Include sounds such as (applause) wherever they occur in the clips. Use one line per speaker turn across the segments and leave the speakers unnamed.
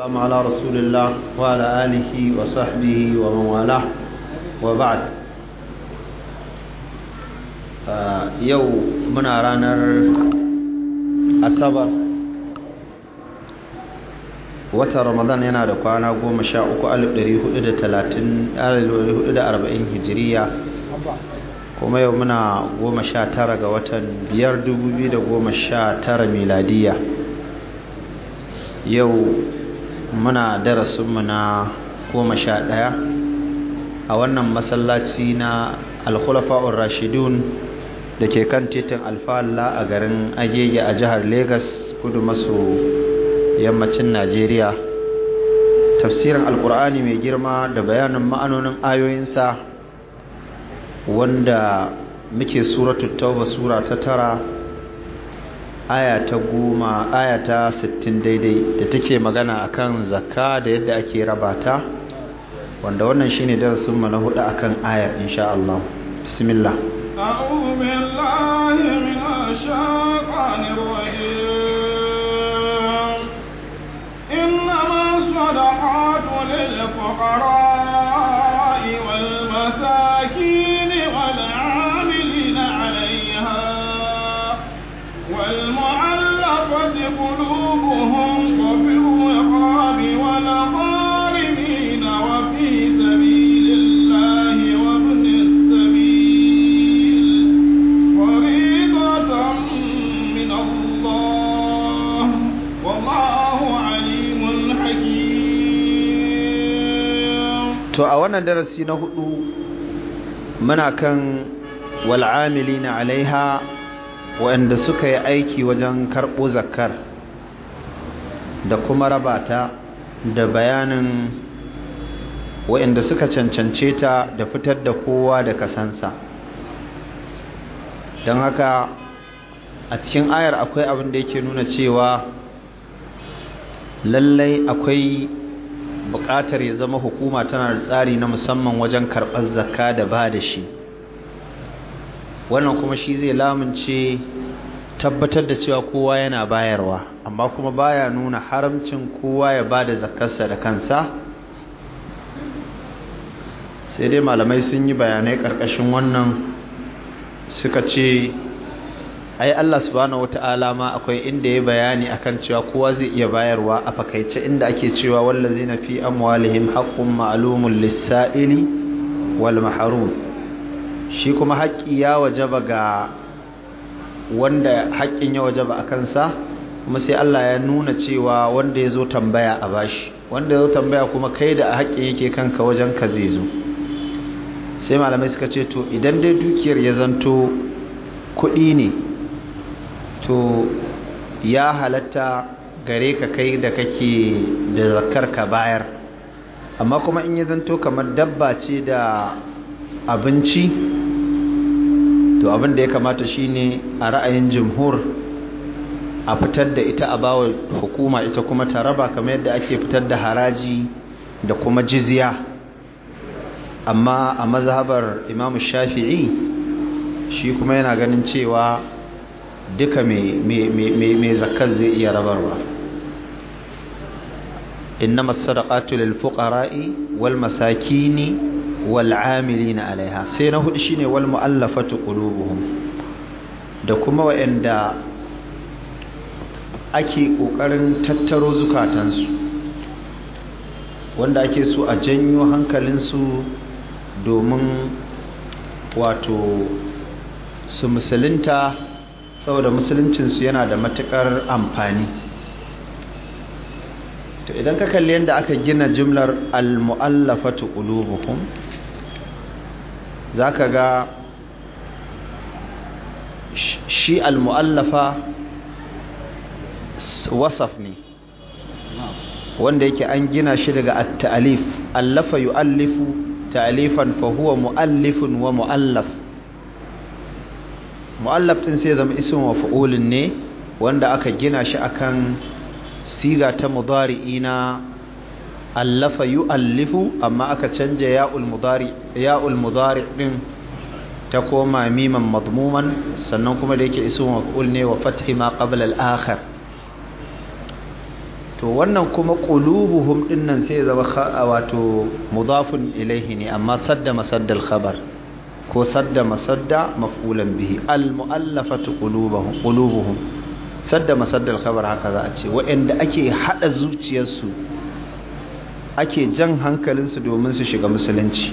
السلام على رسول الله وعلى آله وصحبه ومن والاه وبعد يو من رانر الصبر watan رمضان ينا da kwana goma sha uku alif ɗari hudu da talatin hudu da kuma yau muna goma sha tara ga watan biyar dubu biyu da goma sha tara miladiya yau muna darasin mu na goma sha ɗaya a wannan masallaci na alkhulafa'ur rashidun da ke kan titin alfalla a garin agege a jihar Legas kudu maso yammacin najeriya tafsirin alkur'ani mai girma da bayanin ma'anonin ayoyinsa wanda muke suratul tauba sura ta tara aya ta goma aya ta 60 daidai da take magana akan zakka da yadda ake raba ta wanda wannan shine darasin mu na hudu akan ayar insha Allah bismillah
a'udhu billahi minash shaitanir rajim innamas sadaqatu lil fuqara wal masakin الْمُعَلَّقَةِ قلوبهم وفي الرقاب والقارمين وفي سبيل الله وابن السبيل فريضة من الله والله عليم حكيم
تو أولا درسي نهدو منا كان والعاملين عليها waɗanda suka yi aiki wajen karɓo zakar da kuma rabata da bayanin waɗanda suka cancance ta da fitar da kowa da kasansa don haka a cikin ayar akwai abin da yake nuna cewa lallai akwai buƙatar ya zama hukuma tana da tsari na musamman wajen karɓar zakka da ba da shi wannan kuma shi zai lamunce tabbatar da cewa kowa yana bayarwa amma kuma baya nuna haramcin kowa ya bada zakarsa da kansa sai dai malamai sun yi bayanai karkashin wannan suka ce ai Allah subhanahu wata'ala ma akwai inda ya bayani akan cewa kowa zai iya bayarwa a fakaice inda ake cewa na fi amwalihim haƙƙun ma'alumin lissa'ili wal mahrum shi kuma haƙƙi ya wajaba ga wanda haƙƙin ya wajaba a kansa kuma sai Allah ya nuna cewa wanda ya zo tambaya a bashi wanda ya zo tambaya kuma kai da haƙƙin yake kanka wajen ka zai zo sai malamai suka ce to idan dai dukiyar ya zanto kuɗi ne to ya halatta gare ka kai da kake da zakar ka bayar amma kuma in ya zanto kamar dabba ce da abinci to abin da ya kamata shine a ra'ayin jumhur a fitar da ita a bawa hukuma ita kuma ta raba kamar yadda ake fitar da haraji da kuma jiziya, amma a mazhabar imamu shafi'i shi kuma yana ganin cewa duka mai zakar zai iya rabarwa innama sadaqatu lil fuqara'i wal masakini wal amilina alaiha sai na hudu shine wal muallafatu qulubuhum da kuma wa'anda ake kokarin tattaro zukatansu wanda ake so a janyo hankalinsu domin wato su musulunta saboda musuluncinsu yana da matukar amfani to idan ka kalli yadda aka gina jimlar al-mu'allafatu qulubuhum za ka ga shi al-mu'allafa wasaf ne wanda yake an gina shi daga at-ta'alif allafa yu'allifu ta'alifan fa huwa mu'allifun wa mu'allaf mu'allaf din sai zama ismu maf'ulin ne wanda aka gina shi akan siga ta mudari'ina allafa yu'allifu amma aka canja ya'ul mudari ya'ul mudari din ta koma miman madmuman sannan kuma da yake isu maf'ul ne wa fathi ma qabla al-akhir to wannan kuma qulubuhum din nan sai zama wato mudafun ilayhi ne amma sadda masaddal khabar ko sadda masadda maf'ulan bihi al-mu'allafatu qulubuhum qulubuhum sadda masaddal khabar haka za a ce waɗanda ake hada zuciyarsu ake jan hankalinsu domin su shiga musulunci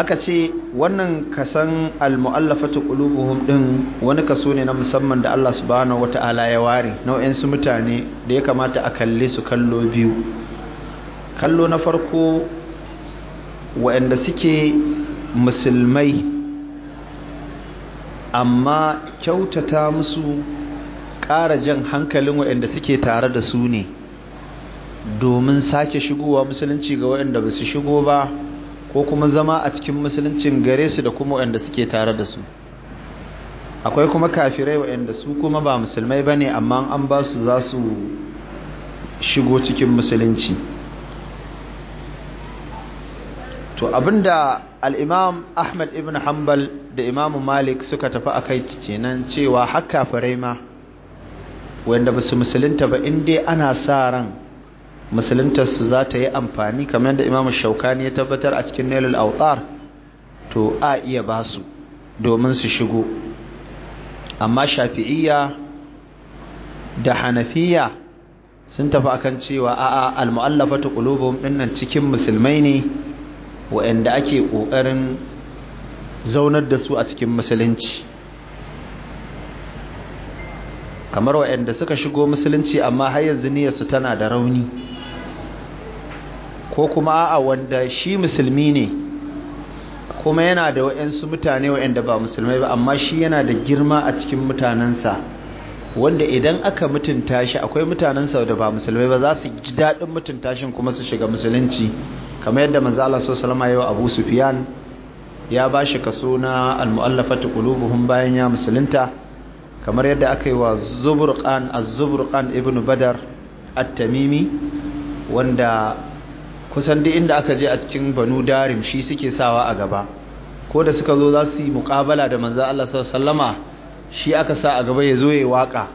aka ce wannan kasan almu'allafatu qulubuhum din wani kaso ne na musamman da Allah subhanahu wata'ala ya ware nau'in su mutane da ya kamata a kalle su kallo biyu kallo na farko waɗanda suke musulmai amma kyautata musu ƙara jan hankalin waɗanda suke tare da su ne domin sake shigowa musulunci ga waɗanda ba su shigo ba ko kuma zama a cikin musuluncin gare su da kuma waɗanda suke tare da su akwai kuma kafirai waɗanda su kuma ba musulmai ba ne amma an ba su za su shigo cikin musulunci to abinda al'imam ahmad ibn hanbal da imamu malik suka tafi a kai kenan cewa har kafirai ma Waɗanda ba su musulunta ba in dai ana sa ran musuluntarsu za ta yi amfani kamar yadda imamu shaukani ya tabbatar a cikin nailul autar to a iya ba su domin su shigo amma shafi'iyya da hanafiya sun tafi a kan cewa a'a ta qulubuhum dinnan cikin musulmai ne waanda ake ƙoƙarin zaunar da su a cikin musulunci kamar wa'anda suka shigo musulunci amma har yanzu niyyarsu tana da rauni ko kuma a wanda shi musulmi ne kuma yana da wa'yansu mutane wa'yanda ba musulmai ba amma shi yana da girma a cikin mutanensa wanda idan aka mutunta shi akwai mutanensa da ba musulmai ba za su ji daɗin mutunta shi kuma su shiga musulunci kamar yadda manzo Allah sallallahu alaihi Abu Sufyan ya ba shi kaso na al-mu'allafatu qulubuhum bayan ya musulunta kamar yadda aka yi wa a az-Zuburqan ibn Badar at-Tamimi wanda kusan duk inda aka je a cikin banu darim shi suke sawa a gaba ko da suka zo za su yi muƙabala da manzan Allah sallama shi aka sa a gaba ya zo ya yi waka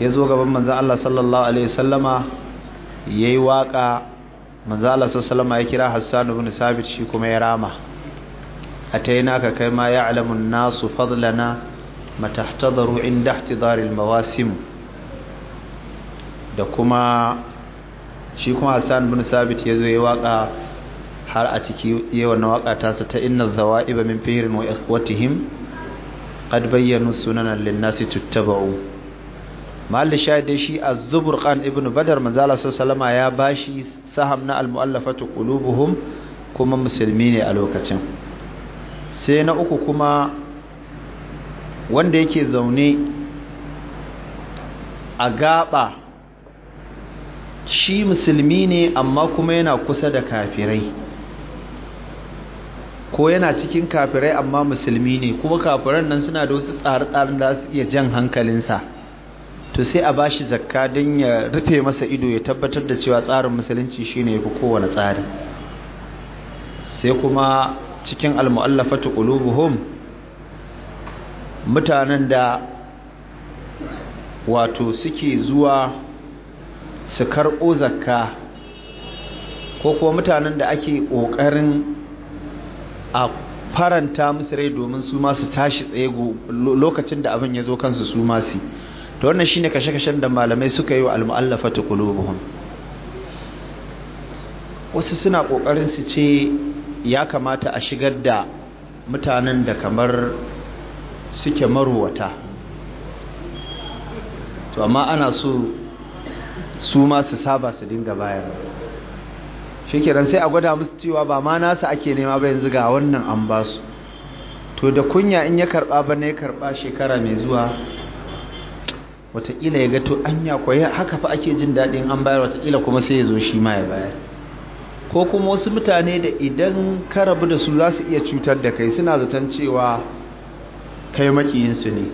ya zo gaban manzan Allah sallallahu alaihi sallama ya yi waka manzan Allah sallama ya kira Hassan ibn Sabit shi kuma ya rama A naka kai ma ya alamun nasu fadlana matahtadaru inda ihtidar al-mawasim da kuma shi kuma Hassan bin Sabit ya ya yi waka har a ciki yayi wannan waka ta sa ta inna iba min fihrin wa ikhwatihim bayyanu sunana lin tuttaba'u shi a zubur khan ibn badar manzo Allah sallama ya bashi saham na almu'allafatu muallafatu qulubuhum kuma musulmi ne a lokacin sai na uku kuma wanda yake zaune a gaba shi musulmi ne amma kuma yana kusa da kafirai ko yana cikin kafirai amma musulmi ne kuma kafiran nan suna da wasu tsare-tsaren da su iya jan hankalinsa to sai a bashi zakka don ya rufe masa ido ya tabbatar da cewa tsarin musulunci shine yafi kowane tsari sai kuma cikin almu'allafatu qulubuhum mutanen da wato suke zuwa su karɓo zakka ko kuma mutanen da ake ƙoƙarin a faranta musu rai domin su masu tashi tsaye lokacin da abin ya zo kansu su masu to wannan shi ne kashe-kashen da malamai suka yi wa almu'allafa ta kulubuhun wasu suna ƙoƙarin su ce ya kamata a shigar da mutanen da kamar suke maruwata to amma ana so su ma su saba su dinga bayan. Shekaran sai a gwada musu cewa ba ma nasu ake nema ba yanzu ga wannan an ba su to da kunya in ya karba ba ne karba shekara mai zuwa wataƙila ya gato anya an haka fa ake jin daɗin an bayar watakila kuma sai ya zo shi ma ya bayar ko kuma wasu mutane da idan ka rabu da su za su iya cutar da kai suna zaton cewa kai makiyinsu ne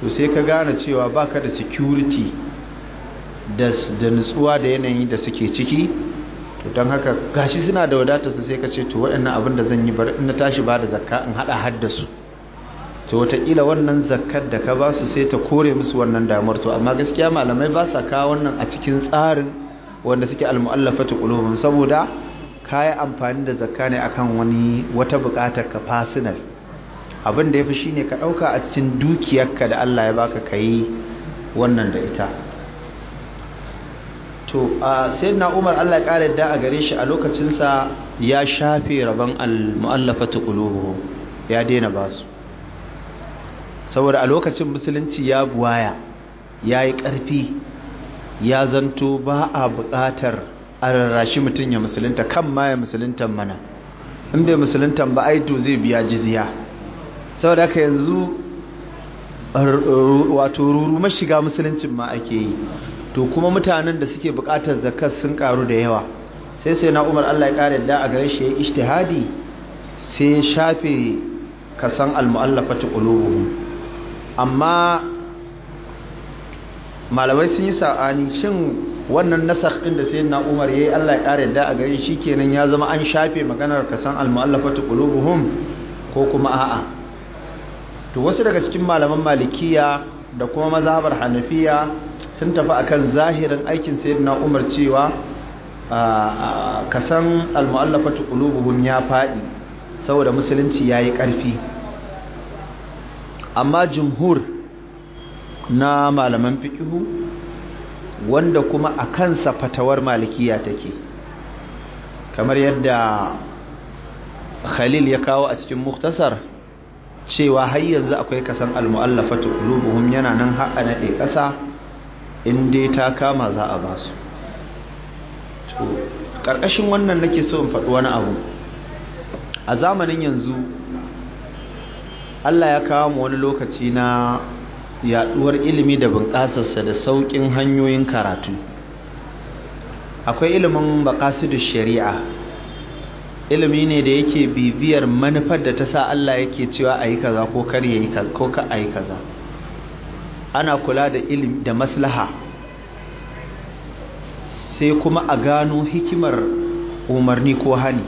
to sai ka gane cewa baka da security da nutsuwa da yanayi da suke ciki to don haka gashi suna da wadata su sai ka ce to waɗannan abin da zan yi bar na tashi ba da zakka in haɗa da su to wataƙila wannan zakkar da ka ba su sai ta kore musu wannan damar to amma gaskiya malamai ba sa kawo wannan a cikin tsarin wanda suke almu'allafa almu'allafatu quluhum saboda yi amfani da zakka ne akan wani wata buƙatar ka personal abin da ya yafi shine ka ɗauka a cikin dukiyarka da Allah ya baka kai wannan da ita to na'umar umar Allah ya kare da a gare shi a lokacinsa ya shafe rabon al-mu'allafatu qulubuhum ya daina basu saboda a lokacin musulunci ya buwaya ya yi ƙarfi ya zanto ba a buƙatar a rarrashi mutum ya musulunta kan ma ya musuluntan mana in bai musuluntan ba aito zai biya jiziya saboda haka yanzu wato ruru mashiga musuluncin ma ake yi to kuma mutanen da suke buƙatar zakat sun ƙaru da yawa sai sai na umar allah ya ƙara da a gare shi ya yi ishtihadi sai ya shafe kasan almu'allafatu ƙulubu amma malamai sun yi sa'ani shin wannan nasar ɗin da sai na Umar ya yi Allah ya kare da a gare shi kenan ya zama an shafe maganar kasan almuallafatu ƙulubu ko kuma a'a to wasu daga cikin malaman malikiya da kuma mazhabar hanafiya sun tafi akan zahirin aikin sayyidina umar cewa kasan almu'allafatu qulubuhum ya faɗi, saboda musulunci yayi ƙarfi. amma jumhur na malaman fiƙihu wanda kuma a kansa fatawar malikiya take kamar yadda khalil ya kawo a cikin muktasar cewa har yanzu akwai kasan almu'allafatu qulubuhum yana nan haɗa na ɗe ƙasa, in dai ta kama za a ba su to wannan nake so in faɗi wani abu a zamanin yanzu Allah ya kawo mu wani lokaci na yaɗuwar ilimi da bunƙasarsa da sauƙin hanyoyin karatu akwai ilimin baƙasidu shari'a ilimi ne da yake bibiyar manufar da ta sa Allah yake cewa a yi kaza ko kar yi ko ka a yi kaza ana kula da ilimi da maslaha sai kuma a gano hikimar umarni ko hani.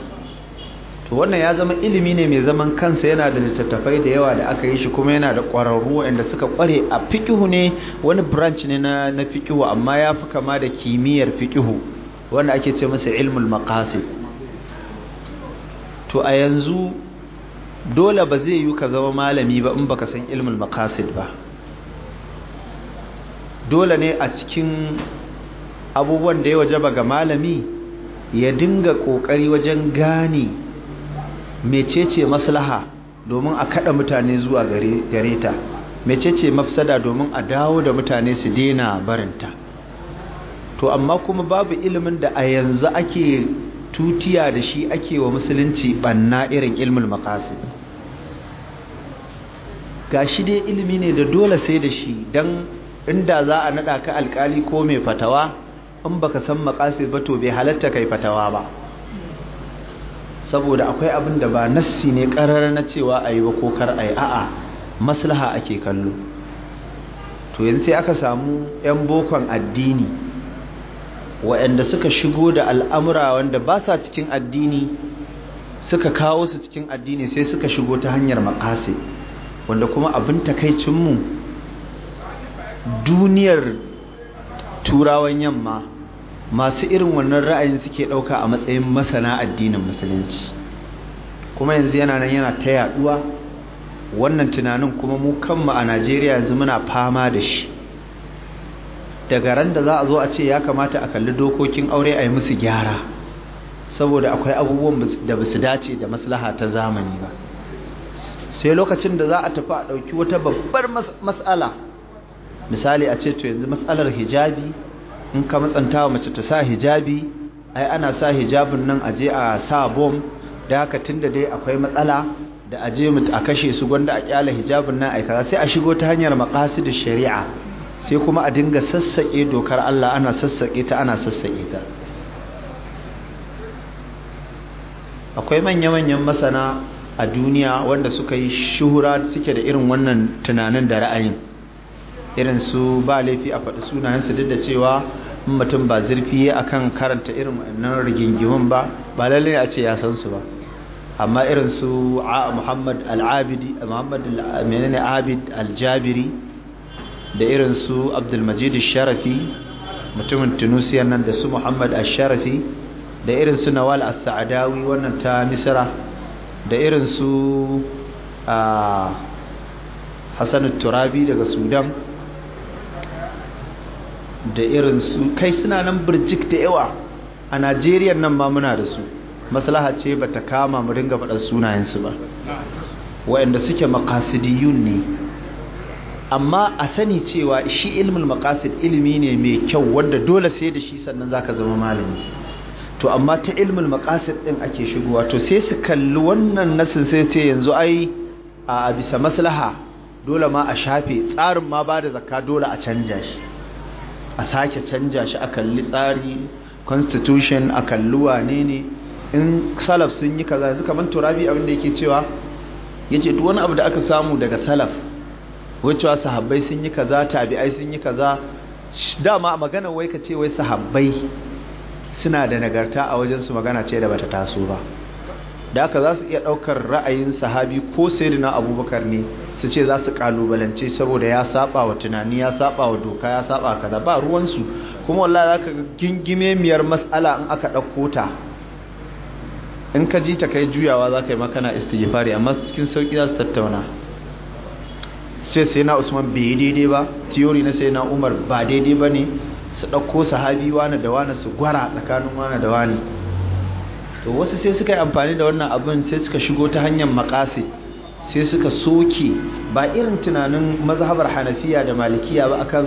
to wannan ya zama ilimi ne mai zaman kansa yana da littattafai da yawa da aka yi shi kuma yana da ƙwararru wanda suka ƙware a fiƙihu ne wani branch ne na na fiƙihu amma ya fi kama da kimiyyar fiƙihu wanda ake ce masa ilmul maqasid to a yanzu dole ba zai yi ka zama malami ba in baka san ilmul maqasid ba dole ne a cikin abubuwan da ya wajaba ga malami ya dinga kokari wajen gane mecece maslaha domin a kada mutane zuwa gare ta mecece mafsada domin a dawo da mutane su dena barinta to amma kuma babu ilimin da a yanzu ake tutiya da shi ake wa musulunci banna irin ilmul maqasid shi dai ilimi ne da dole sai da shi dan inda za a nada ka alkali ko mai fatawa in baka san maqasid ba to bai halatta kai fatawa ba saboda akwai abin da ba nassi ne karar na cewa ayi ba ko kar ayi a'a maslaha ake kallo to yanzu sai aka samu yan bokon addini waɗanda suka shigo da al'amura wanda ba sa cikin addini suka kawo su cikin addini sai suka shigo ta hanyar makasai, wanda kuma abin takaicinmu duniyar turawan yamma masu irin wannan ra'ayin suke ɗauka a matsayin masana addinin musulunci kuma yanzu yana nan yana ta yaɗuwa wannan tunanin kuma mu kanmu a najeriya yanzu muna fama da shi daga ran da za a zo a ce ya kamata a kalli dokokin aure a yi musu gyara saboda akwai abubuwan da ba su dace da maslaha ta zamani ba sai lokacin da za a tafi a ɗauki wata babbar matsala misali a ce to yanzu matsalar hijabi in ka matsanta wa mace ta sa hijabi ai ana sa hijabin nan aje a sa bom da haka tunda dai akwai matsala da aje mutu a kashe su gwanda a kyala hijabin nan aika sai a shigo ta hanyar maqasidish shari'a sai kuma a dinga sassaƙe dokar Allah ana sassaƙe ta ana sassaƙe ta akwai manya-manyan masana a duniya wanda suka yi shuhura suke da irin wannan tunanin da ra'ayin irin su ba laifi a faɗi sunayensu duk da cewa mutum ba zurfi kan karanta irin wannan rigingimin ba ba lallai a ce ya san su ba amma irin su Muhammad al-Abidi Muhammad Abid al-Jabiri da irin su abdulmajid sharafi mutumin tunisiya nan da su muhammad sharafi da irin su nawal as-sa'adawi wannan ta misra da irin su hassan turabi daga sudan da irin su kai suna nan birjik da yawa a najeriya nan ma muna da su maslaha ce ba ta kama mu dinga faɗar sunayensu ba waɗanda suke makasidiyun ne amma a sani cewa shi ilmin maqasid ilimi ne mai kyau wadda dole sai da shi sannan zaka zama malami to amma ta ilmin maqasid din ake shigowa to sai su kalli wannan nasin sai ce yanzu ai a bisa maslaha dole ma a shafe tsarin ma ba da zakka dole a canja shi a sake canja shi a kalli tsari constitution a kalli wane ne in salaf sun yi kaza yanzu kamar turabi abin da yake cewa yace duk wani abu da aka samu daga salaf wucewa sahabbai sun yi kaza tabi'ai sun yi kaza dama magana wai ka ce wai sahabbai suna da nagarta a wajen su magana ce da bata taso ba da haka za su iya ɗaukar ra'ayin sahabi ko na abubakar ne su ce za su kalubalance saboda ya saba wa tunani ya saba wa doka ya saba kaza ba ruwansu kuma wallahi za ka gingime miyar mas'ala in aka ɗauko ta in ka ji ta kai juyawa za ka yi makana istighfari amma cikin sauƙi za su tattauna sai sai na usman bai daidai ba tiyori na sai na umar ba daidai ba ne su ɗauko sahabi wani da wani su gwara tsakanin wani da wani to wasu sai suka yi amfani da wannan abin sai suka shigo ta hanyar makasi sai suka soke ba irin tunanin mazhabar hanafiya da malikiya ba akan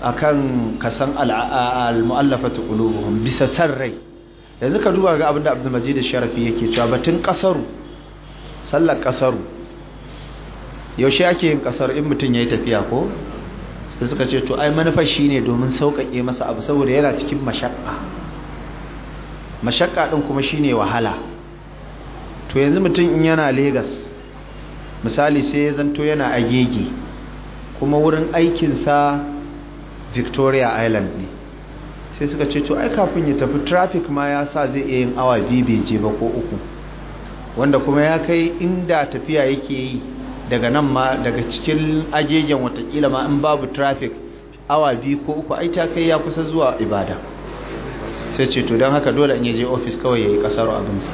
akan kasan al-mu'allafatu qulubuhum bisa sarrai yanzu ka duba ga abin da Abdul Majid Sharafi yake cewa batun kasaru sallar kasaru yaushe ake yin kasar in mutum ya yi tafiya ko sai suka ce to ai manufar shi ne domin sauƙaƙe masa abu saboda yana cikin mashaƙa mashaƙa ɗin kuma shi ne wahala to yanzu mutum in yana Legas, misali sai ya zanto yana agege kuma wurin aikinsa victoria island ne sai suka ce to ai kafin ya tafi traffic ma ya sa zai iya yin awa biyu bai je ba ko uku wanda kuma ya kai inda tafiya yake yi daga nan ma daga cikin ajejen watakila ma in babu traffic awa biyu ko uku ai ta kai ya kusa zuwa ibada sai ce to don haka dole in yaje ofis kawai ya yi abin abinsa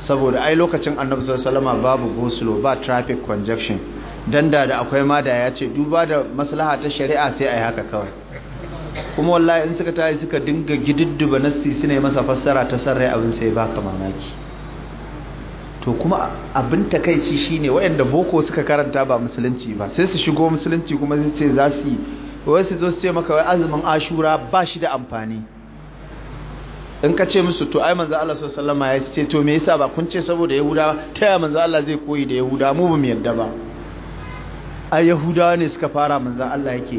saboda ai lokacin annabi wasallam babu gosulo ba traffic congestion dan da da akwai ma da ya ce duba da maslaha ta shari'a sai ai haka kawai kuma wallahi in suka tayi suka dinga gididdiba nassi suna masa fassara ta sarrai abin sai baka mamaki to kuma abin takaici shine waɗanda boko suka karanta ba musulunci ba sai su shigo musulunci kuma sai ce za su yi wai su zo su ce maka wai azumin ashura ba shi da amfani in ka ce musu to ai manzo Allah sallallahu alaihi wasallam ya ce to me yasa ba kun ce saboda Yahuda ta ya manzo Allah zai koyi da Yahuda? mu ba mu yarda ba ai yahudawa ne suka fara manzo Allah yake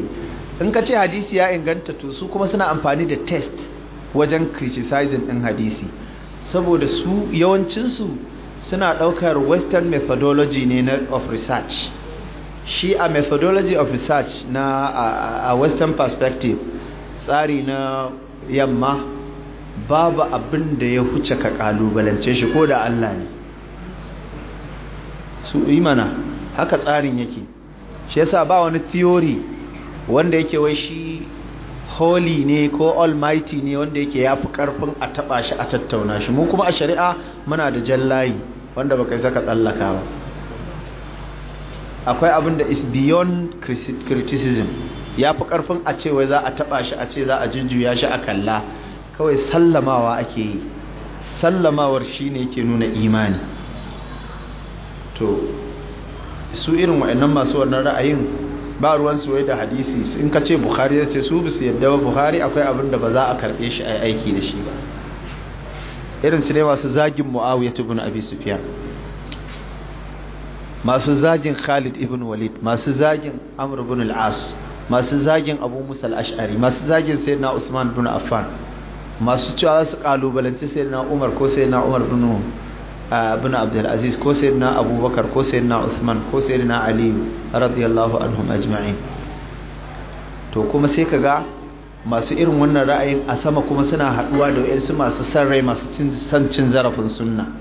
in ka ce hadisi ya inganta to su kuma suna amfani da test wajen criticizing din hadisi saboda su yawancinsu suna ɗaukar western methodology ne of research shi a methodology of research na a, a western perspective tsari na yamma babu abin da ya huce ka kalubalance shi ko da Allah ne su yi mana haka tsarin yake shi yasa ba wani theory wanda yake wai shi holy ne ko almighty ne wanda yake ya fi karfin a taba shi a tattauna shi mu kuma a shari'a muna da jan layi wanda baka yi saka tsallaka ba akwai abin da is beyond criticism ya fi karfin a ce wai za a taba shi a ce za a jujjuya shi a kalla kawai sallamawa ake yi sallamawar shi ne ke nuna imani to su irin wa'annan masu wannan ra'ayin ba ruwan su da hadisi in ka ce bukhari ya ce su bisu yadda ba bukhari akwai abin da ba za a karɓe shi a aiki da shi ba irin su ne masu zagin muawiya abin su sufyan masu zagin khalid ibn walid masu zagin Amur bin al'as masu zagin abu musa al'ashari masu zagin na usman bin affan masu cewa su kalubalanci na umar ko na umar bin كو سيدنا ko بكر abubakar ko عثمان كو ko علي ali الله عنهم اجمعين to kuma sai كغا masu irin wannan ra'ayin a sama kuma suna haduwa da wayansu masu san rai masu san cin zarafin sunna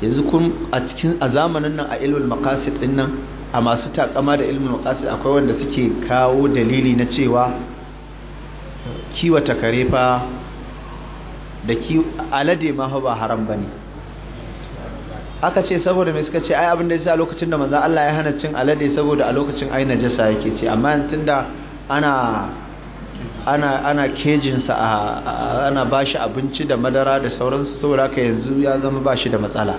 yanzu kun a cikin a zamanin nan a ilmul maqasid din nan a masu takama da ilmul maqasid akwai wanda suke kawo dalili na cewa kiwata kare fa da ki alade ma ba haram bane aka ce saboda mai suka ce ai abin da sa lokacin da manzon Allah ya hana cin alade saboda a lokacin ai najasa yake ce amma tunda ana ana ana kejin sa ana bashi abinci da madara da sauransu saboda haka yanzu ya zama bashi da matsala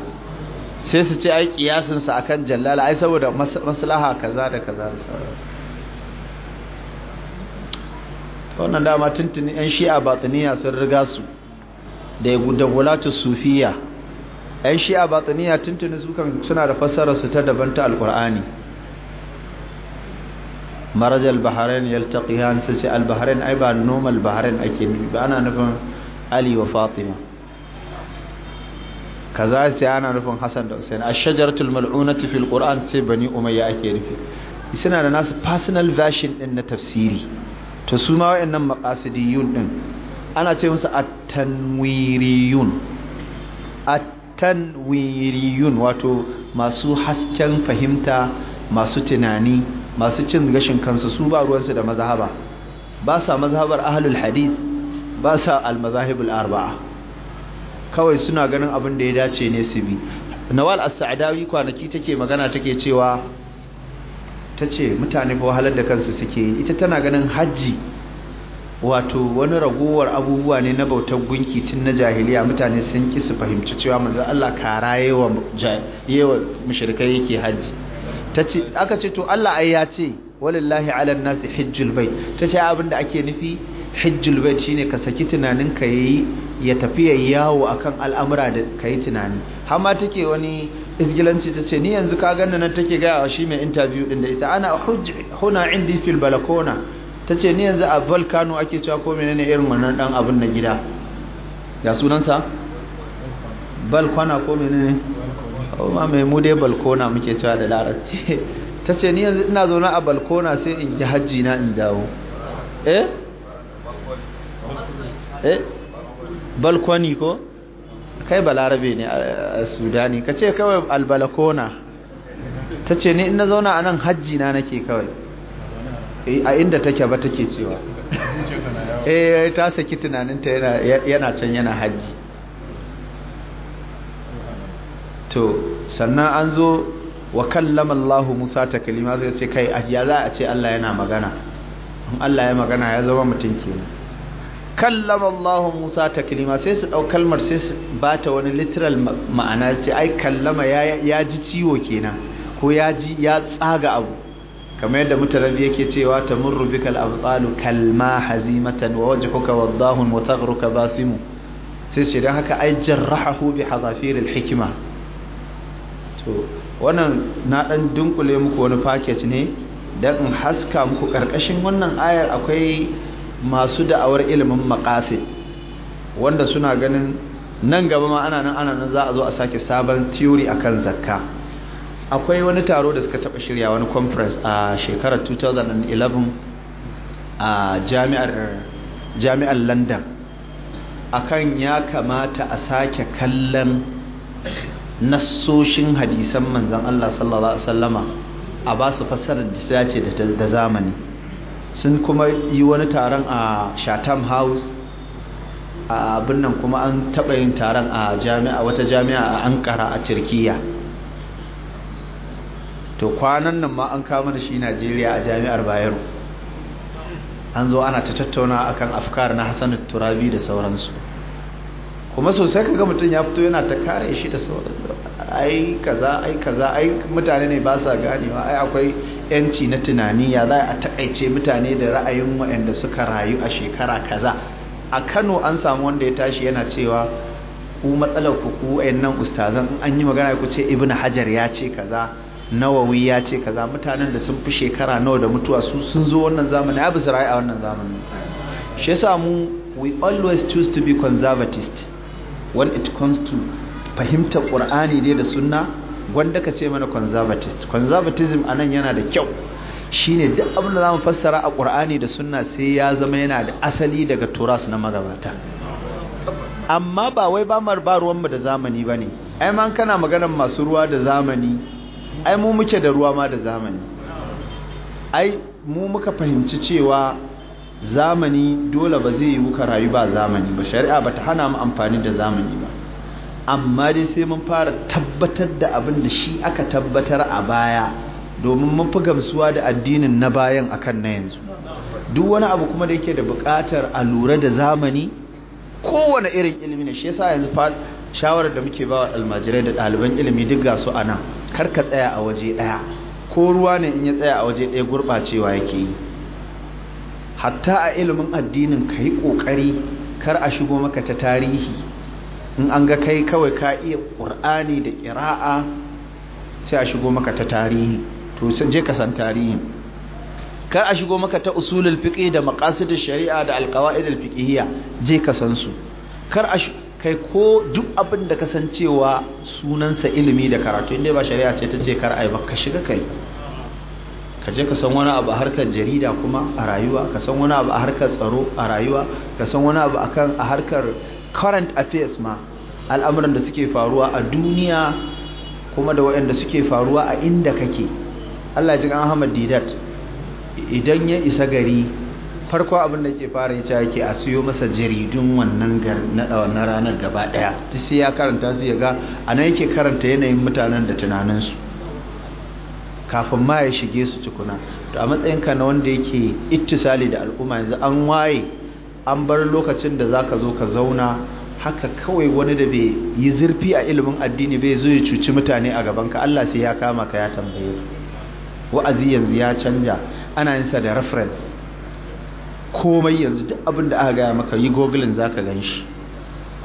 sai su ce ai kiyasin sa akan jallala ai saboda maslaha kaza da kaza da wannan dama tuntuni yan shi'a batiniya sun riga su da gulatu sufiya ai shi a batiniya tuntuni sukan suna da fassarar su ta daban ta alqur'ani maraj al-bahrain yaltaqiyan sai al-bahrain ai ba normal bahrain ake nufi ba ana nufin ali wa fatima kaza sai ana nufin hasan da husain ash-shajaratul mal'unati fil qur'an sai bani umayya ake nufi suna da nasu personal version din na tafsiri to su ma wayannan maqasidiyun din ana ce musu at-tanwiriyun at tanwiriyun wato masu hasken fahimta masu tunani masu cin gashin kansu su ba ruwansu da mazahaba ba sa mazahabar ahlul hadith ba sa almazahibul arba'a kawai suna ganin abin da ya dace ne su bi nawal as-sa'dawi kwanaki take magana take cewa tace mutane ba wahalar da kansu suke ita tana ganin hajji. wato wani ragowar abubuwa ne na bautar gunki tun na jahiliya mutane sun ki su fahimci cewa manzo Allah kara yawa yawa mushrikai yake haji tace aka ce to Allah ai ya ce walillahi ala nasi hajjul bait tace abinda ake nufi hajjul bait shine ka saki tunanin ka yayi ya tafi yawo akan al'amura da kai tunani har ma take wani izgilanci tace ni yanzu ka ganna nan take ga shi mai interview din da ita ana hujj huna indi fil balakona ta ce ni yanzu a volcano ake cewa ko menene irin wannan dan abin na gida ya sunansa balkona ko menene ma mai mu dai balkona muke cewa da larabci (laughs) ta ce ni yanzu ina zaune a balkona sai in yi hajji na in dawo eh
eh balkoni
ko kai balarabe ne a sudani ka ce kawai albalakona ta ce ni ina zauna a nan hajji na nake kawai Eh, a inda take ba take cewa eh ta saki tunaninta yana can yana hajji to sannan an zo wa kallama Allah Musa ta kalima zai ce kai ya za a ce Allah yana magana in Allah ya magana ya zama mutum kenan kallama Allah Musa ta kalima sai su dau kalmar sai su bata wani literal ma'ana ce ai kallama ya ji ciwo kenan ko ya ji ya tsaga abu kamar yadda mutarabi yake cewa ta murru, bi kal abtalu kalma hazimatan wa wajhuka wadahun wa thaghruka basimu sai ce dan haka ai jarrahu bi hadafir al hikma to wannan na dan dunkule muku wani package ne dan in haska muku karkashin wannan ayar akwai masu da'awar ilimin maqasid wanda suna ganin nan gaba ma ana nan ana nan za a zo a sake sabon theory akan zakka akwai wani taro da suka taba shirya wani conference a shekarar 2011 a jami'ar london akan ya kamata a sake kallon nasoshin hadisan manzan allah sallallahu alaihi wasallama a ba su fassarar da ta ce da zamani sun kuma yi wani taron a shatam house a abin nan kuma an taba yin taron a wata jami'a a ankara a turkiyya to kwanan nan ma an kama da shi Najeriya a jami'ar Bayero an zo ana ta tattauna akan afkar na Hassan Turabi da sauransu kuma sosai kaga mutum ya fito yana ta kare shi da sauransu ai kaza ai kaza ai mutane ne ba sa ganewa ai akwai yanci na tunani ya za a takaice mutane da ra'ayin waɗanda suka rayu a shekara kaza a Kano an samu wanda ya tashi yana cewa ku matsalar ku ku nan ustazan an yi magana ku ce ibnu hajar ya ce kaza nawawi ya ce kaza mutanen da sun fi shekara nawa da mutuwa su sun zo wannan zamani abu su rayu a wannan zamani shi yasa mu we always choose to be conservatist when it comes to fahimta qur'ani dai da sunna gwanda ka ce mana conservatist conservatism anan yana da kyau shine duk abin da zamu fassara a qur'ani da sunna sai ya zama yana da asali daga turas na magabata amma ba wai ba mu ba da zamani bane ai man kana maganar masu ruwa da zamani ai mu muke da ruwa ma da zamani ai mu muka fahimci cewa zamani dole ba zai yiwu ka rayu ba zamani ba shari'a ba ta hana mu amfani da zamani ba amma dai sai mun fara tabbatar da abin da shi aka tabbatar a baya domin mun fi gamsuwa da addinin na bayan akan na yanzu duk wani abu kuma da yake da buƙatar a lura da zamani kowane irin ilimi ne shi yasa yanzu shawarar da muke ba wa almajirai da ɗaliban ilimi duk gasu a nan kar ka tsaya a waje ɗaya ko ruwa ne in ya tsaya a waje ɗaya gurɓacewa yake yi hatta a ilimin addinin ka yi ƙoƙari kar a shigo maka ta tarihi in an ga kai kawai ka iya ƙur'ani da ƙira'a sai a shigo maka ta tarihi to je ka san tarihi kar a shigo maka ta usulul fiqh da maqasidush shari'a da alqawaidul fiqhiyya je ka san su kar a kai ko duk abin da kasancewa sunansa ilimi da karatu inda ba shari'a ce ta ce kar ba ka shiga kai ka je ka san wani abu a harkar jarida kuma a rayuwa ka san wani abu a harkar tsaro a rayuwa ka san wani abu a harkar current affairs ma al'amuran da suke faruwa a duniya kuma da waɗanda suke faruwa a inda kake Allah ji Ahmad Didat idan ya isa gari farko abin da ke fara yi yake a siyo masa jaridun wannan na ranar gaba daya sai ya karanta su ya ga a nan yake karanta yanayin mutanen da tunaninsu kafin ma ya shige su tukuna to a matsayin ka na wanda yake ittisali da al'umma yanzu an waye an bar lokacin da zaka zo ka zauna haka kawai wani da bai yi zurfi a ilimin addini bai zo ya cuci mutane a gaban ka. Allah sai ya kama ka ya tambaye wa'azi yanzu ya canja ana yin sa da reference komai yanzu duk abin da aka gaya maka yi gogulin za ka gan shi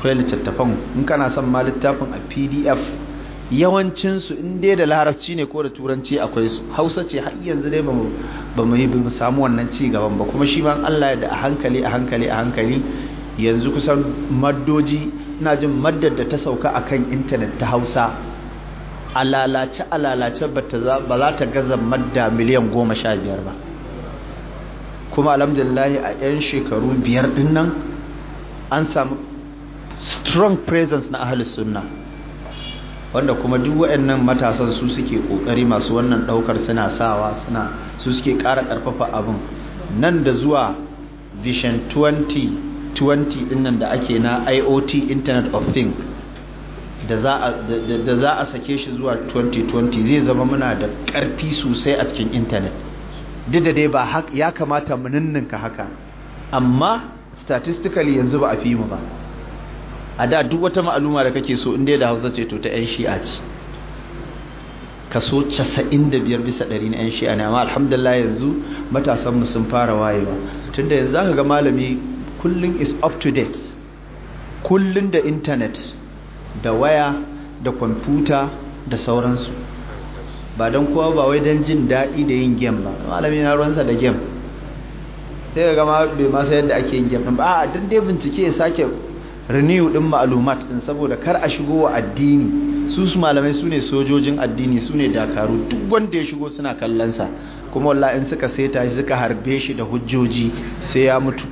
kwaya littattafan in kana son ma littafin a pdf yawancinsu in dai da larabci ne ko da turanci akwai su hausa ce har yanzu dai ba mu yi mu samu wannan ci gaban ba kuma shi ma allah da a hankali a hankali a hankali yanzu kusan maddoji na jin maddar da ta sauka a kan intanet ta hausa a lalace a lalace ba za ta gaza madda miliyan goma sha biyar ba kuma alhamdulillah a 'yan shekaru biyar din nan an samu strong presence na ahalis sunna wanda kuma duk waɗannan matasan su suke ƙoƙari masu wannan ɗaukar suna sawa suna su suke ƙara ƙarfafa abin nan da zuwa vision 2020 ɗin nan da ake na iot internet of thing da za a sake shi zuwa 2020 zai zama muna da ƙarfi sosai a cikin intanet duk da dai ba ya kamata mu ka haka amma statistically yanzu ba a fi mu ba a da duk wata ma'aluma da kake so inda da hausa ce to ta 'yan shi'a ce kaso 95 bisa 100 na 'yan shi'a ne amma alhamdulillah yanzu matasanmu sun fara wayewa tunda yanzu zaka ga malami kullum is up to date kullum da intanet da waya da kwamfuta da sauransu ba don kowa ba wai don jin daɗi da yin game ba malami na ruwansa da game sai ga gama bai masa yadda ake yin game ba a don dai bincike ya sake renew ɗin ma'alumat din saboda kar a shigo wa addini su su malamai su ne sojojin addini su ne dakaru duk wanda ya shigo suna kallonsa kuma wallah in suka seta shi suka harbe shi da hujjoji sai ya mutu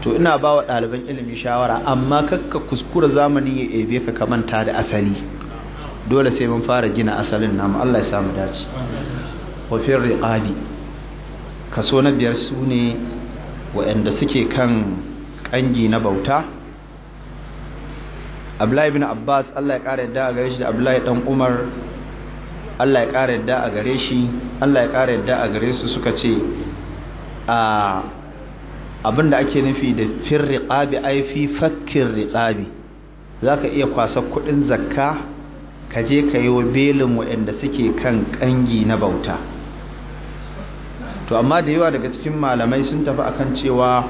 to ina ba wa ɗaliban ilimin shawara amma kakka kuskura zamanin ya ebe ka kamanta da asali dole sai mun fara gina asalin namu Allah ya samu dace wa fi riqabi kaso na biyar su ne waɗanda suke kan kangi na bauta Abdullahi ibn Abbas Allah ya ƙara yadda a gare shi da Abdullahi dan Umar Allah ya ƙara yadda a gare shi Allah ya ƙara yadda a gare su suka ce a abinda ake nufi da fir riqabi ai fi fakkir riqabi zaka iya kwasa kudin zakka ka je ka yi wa belin waɗanda suke kan ƙangi na bauta to amma da yawa daga cikin malamai sun tafi akan cewa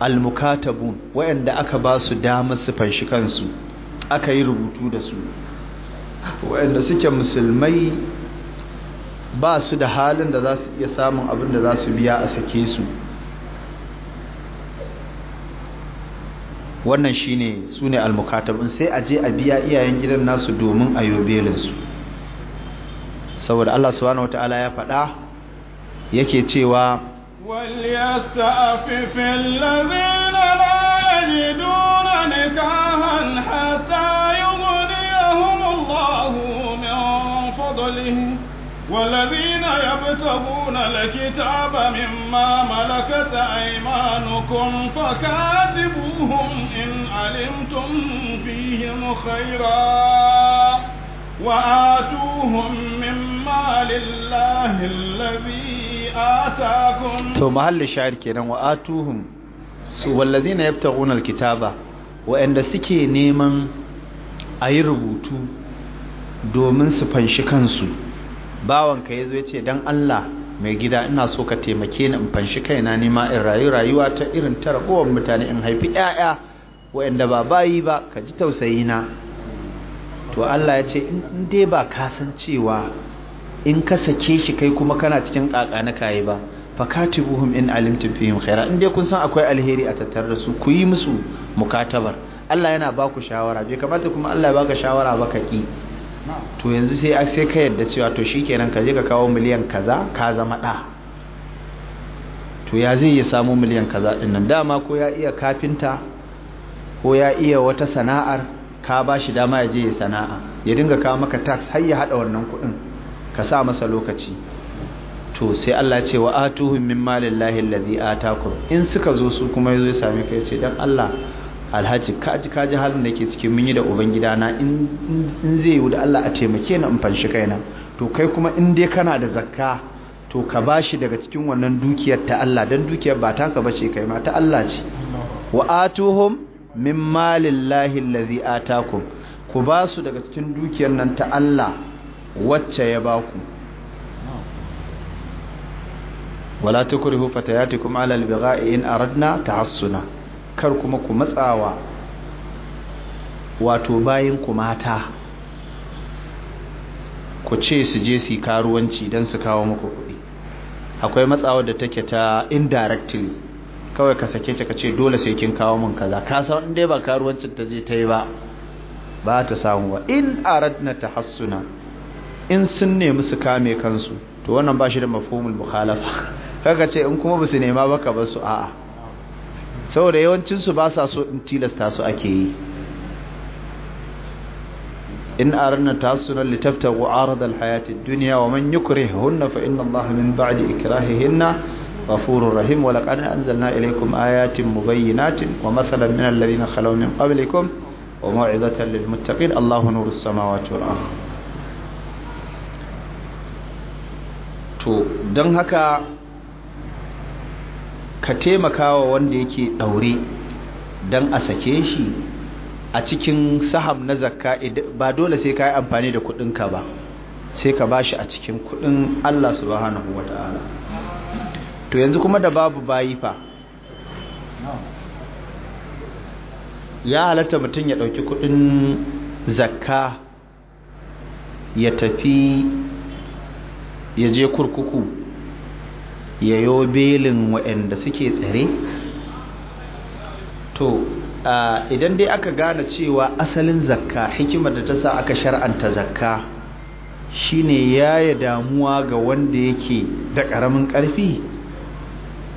almukatabun waɗanda aka ba su damar su fanshi kansu aka yi rubutu da su waɗanda suke musulmai ba su da halin da za su iya samun abin da za su biya a sake su wannan shine sune almukatabun sai a je a biya iyayen gidan nasu domin a yobelin su saboda Allah subhanahu wataala ya faɗa yake cewa
wal yasta'fifu alladhina la yajiduna nikahan hatta yughniyahum Allahu min fadlihi والذين يبتغون الكتاب مما ملكت أيمانكم فكاتبوهم إن علمتم فيهم خيرا وآتوهم مما لله الذي آتاكم ثم هل
الشاعر كنا وآتوهم والذين يبتغون الكتاب وأن سكي نيما أي ربوتو domin su fanshi kansu bawanka ya zo ya ce don Allah mai gida ina so ka taimake ni in fanshi kaina nema in rayu rayuwa ta irin ta ragowar mutane in haifi 'ya'ya wa'anda ba bayi ba ka ji tausayi na to Allah ya ce in dai ba ka san cewa in ka sake shi kai kuma kana cikin ƙaƙa na kayi ba buhun in alimtum fihim khaira in dai kun san akwai alheri a tattare da su ku yi musu mukatabar Allah yana ba ku shawara bai kamata kuma Allah ya baka shawara ba ka ki to yanzu sai sai ka yadda cewa to shi shikenan ka je ka kawo miliyan kaza ka zama da to ya zai ya samu miliyan kaza din nan dama ko ya iya kafinta ko ya iya wata sana'ar ka ba shi dama ya je ya sana'a ya dinga kawo maka tax har ya hada wannan kuɗin ka sa masa lokaci to sai Allah ce wa atuhum min malillahi allazi atakum in suka zo su kuma yazo ya same ka ce dan Allah alhaji kaji kaji halin da ke cikin mun yi da ubangida na in zai yi da Allah a taimake ni in fanshi kaina to kai kuma in dai kana da zakka to ka bashi daga cikin wannan dukiyar ta Allah dan dukiyar ba taka bace kai ma ta Allah ce wa atuhum min malillahi allazi atakum ku ba su daga cikin dukiyar nan ta Allah wacce ya ba ku wala tukrihu fatayatikum ala albigha'i in aradna tahassuna kar kuma ku matsawa wato bayan ku mata ku ce su je su karuwanci don su kawo muku kuɗi akwai matsawar da take ta indirectly kawai ka sake ta ka ce dole sai kin kawo mun kaza ka san in ba karuwancin ta je ta yi ba ba ta samu ba in aradna tahassuna in sun nemi su kame kansu to wannan ba shi da mafhumul mukhalafa (laughs) kaga ce in kuma ba su nema ba ka ba su a'a saboda yawancinsu ba sa so in tilasta su ake yi in a ranar ta suna littafta wa aradar hayatun duniya wa man yi kure hunna fa inna Allah min ba ji ikirahi hinna wa furun rahim wa laƙarin ilaikum ayatin mubayyinatin wa matsalar min allabi na khalaunin ƙabilikum wa ma'izatar lilmuttaƙin Allahun nuru sama wa tura haka ka taimakawa wanda yake ɗaure don a sake shi a cikin saham na zakka ba dole sai ka yi amfani da kudinka ba sai ka bashi a cikin kudin Allah subhanahu ta'ala to yanzu kuma da babu bayi fa ya halatta mutum ya ɗauki kudin zakka ya tafi ya je kurkuku yayo belin waɗanda suke tsare to idan dai aka gane cewa asalin zakka hikimar da ta sa aka shar'anta zakka shine yaya damuwa ga wanda yake da ƙaramin ƙarfi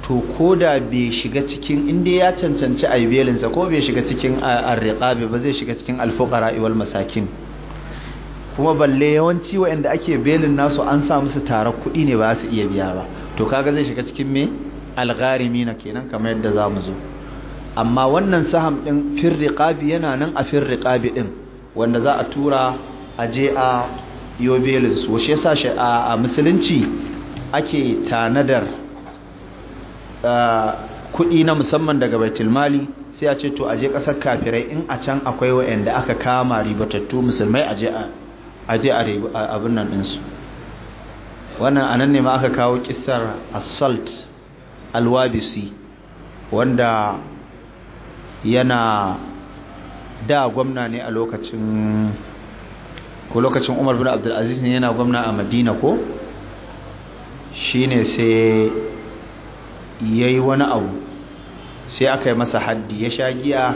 to ko da bai shiga cikin inda ya cancanci a belinsa ko bai shiga cikin arriƙabi ba zai shiga cikin alfuƙara iwal masakin kuma balle yawanci waɗanda ake belin nasu an sa musu tara kuɗi ne ba su iya biya ba to kaga zai shiga cikin me algharimina kenan kamar yadda zamu zo amma wannan saham din firriqabi yana nan a firriqabi din wanda za a tura a je a yobelis washe yasa shi a musulunci ake tanadar kuɗi na musamman daga baitul mali sai a ce to a je ƙasar kafirai in a can akwai wa'anda aka kama ribatattu musulmai aje a abin nan ɗinsu wannan anan ne ma aka kawo kissar assault alwabisi wanda yana da gwamna ne a lokacin ko lokacin umar bin abdulaziz ne yana gwamna a madina ko shine sai ya yi wani abu sai aka yi masa haddi ya sha giya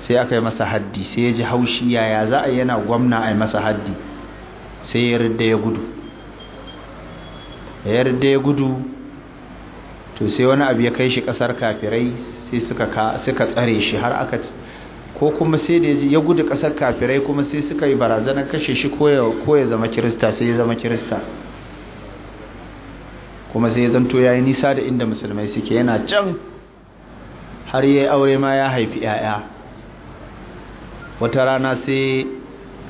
sai aka yi masa haddi sai ya ji haushi yaya za a yi yana gwamna a yi masa haddi sai ya rida ya gudu da yarda ya gudu to sai wani abu ya kai shi kasar kafirai sai suka tsare shi har aka ko kuma sai ya gudu kasar kafirai kuma sai suka yi barazanar kashe shi ko ya zama kirista sai ya zama kirista kuma sai ya zanto ya yi nisa da inda musulmai suke yana can har ya yi aure ma ya haifi 'ya'ya wata rana sai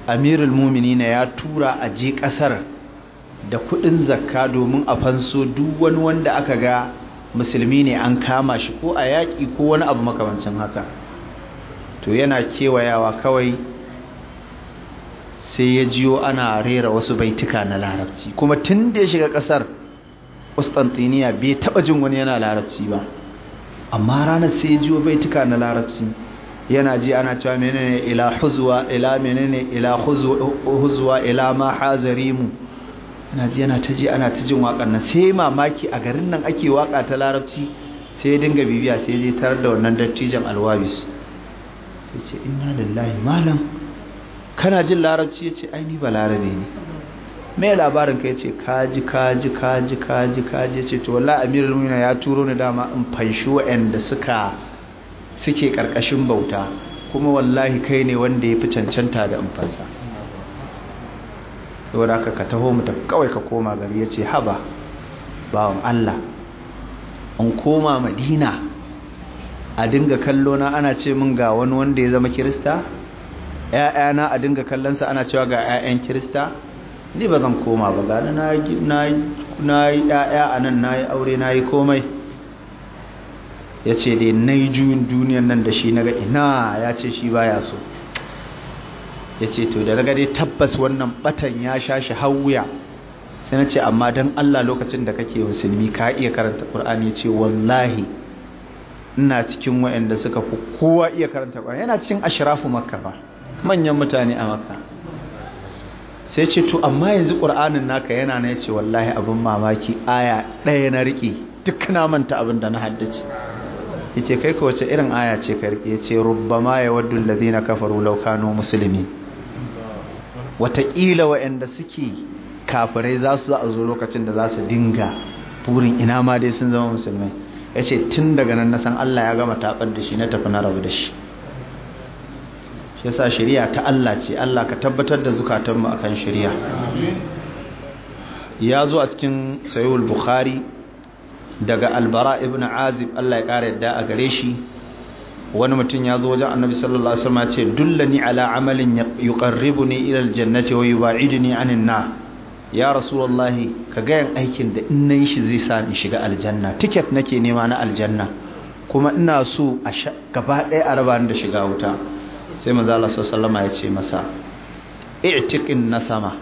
amirul mumini ya tura a ji kasar da kuɗin zakka domin a fanso duk wani wanda aka ga musulmi ne an kama shi ko a yaƙi ko wani abu makamancin haka to yana kewayawa kawai sai ya jiyo ana rera wasu baituka na larabci kuma tun da ya shiga ƙasar Constantiniya bai taɓa jin wani yana larabci ba amma ranar sai ya jiyo baituka na larabci yana ji ana cewa menene ila huzwa ila menene ila huzwa ila ma hazarimu ana ji yana ta ji ana ta jin waƙar nan sai mamaki a garin nan ake waƙa ta larabci sai ya dinga bibiya sai ya tar da wannan dattijan alwabis sai ce inna lillahi malam kana jin larabci ya ce ai ni ba larabe ne mai labarin kai yace ce kaji kaji kaji kaji kaji ya ce to wallahi amirul mu'mina ya turo ni dama in fanshi wa'anda suka suke karkashin bauta kuma wallahi kai ne wanda ya fi cancanta da in fansa saboda haka ka taho mu ta kawai ka koma gari ya ce haba bawan Allah An koma madina a dinga kallo na ana ce min ga wani wanda ya zama kirista ‘ya'yana a dinga kallonsa ana cewa ga ‘ya'yan kirista ni ba zan koma ba gani na yi ‘ya'ya a nan na yi aure na yi komai ya ce dai na yi juyin duniyan nan da shi na ga ina ya ce shi baya so ya ce to da raga dai tabbas wannan batan ya sha shi hawuya sai na ce amma don Allah lokacin da kake musulmi ka iya karanta ƙur'ani ya ce wallahi ina cikin waɗanda suka fi kowa iya karanta ƙur'ani yana cikin ashirafu makka ba manyan mutane a makka sai ce to amma yanzu ƙur'anin naka yana na ya ce wallahi abin mamaki aya ɗaya na riƙe duk na manta abin da na haddace ya ce kai ka wace irin aya ce ka riƙe ya ce ma ya waddun ladina kafaru laukano musulmi watakila wa'anda suke kafirai za su a zo lokacin da za su dinga burin ina ma dai sun zama musulmai ya ce tun daga nan na san Allah ya gama taɓar da shi na tafi na rabu da shi shi yasa shari'a ta Allah ce Allah ka tabbatar da zukatanmu kan shari'a ya zo a cikin sayuwar bukhari daga albara ibn azib Allah ya ƙara yadda a gare shi wani mutum ya zo wajen annabi sallallahu alaihi wasallam ya ce dullani ala amalin yuqarribuni ila aljannati wa yubaiduni anin nar ya rasulullahi ka ga yan aikin da in nayi shi zai sa ni shiga aljanna ticket nake nema na aljanna kuma ina so a gaba ɗaya a raba da shiga wuta sai manzo Allah sallallahu alaihi ya ce masa i'tiqin nasama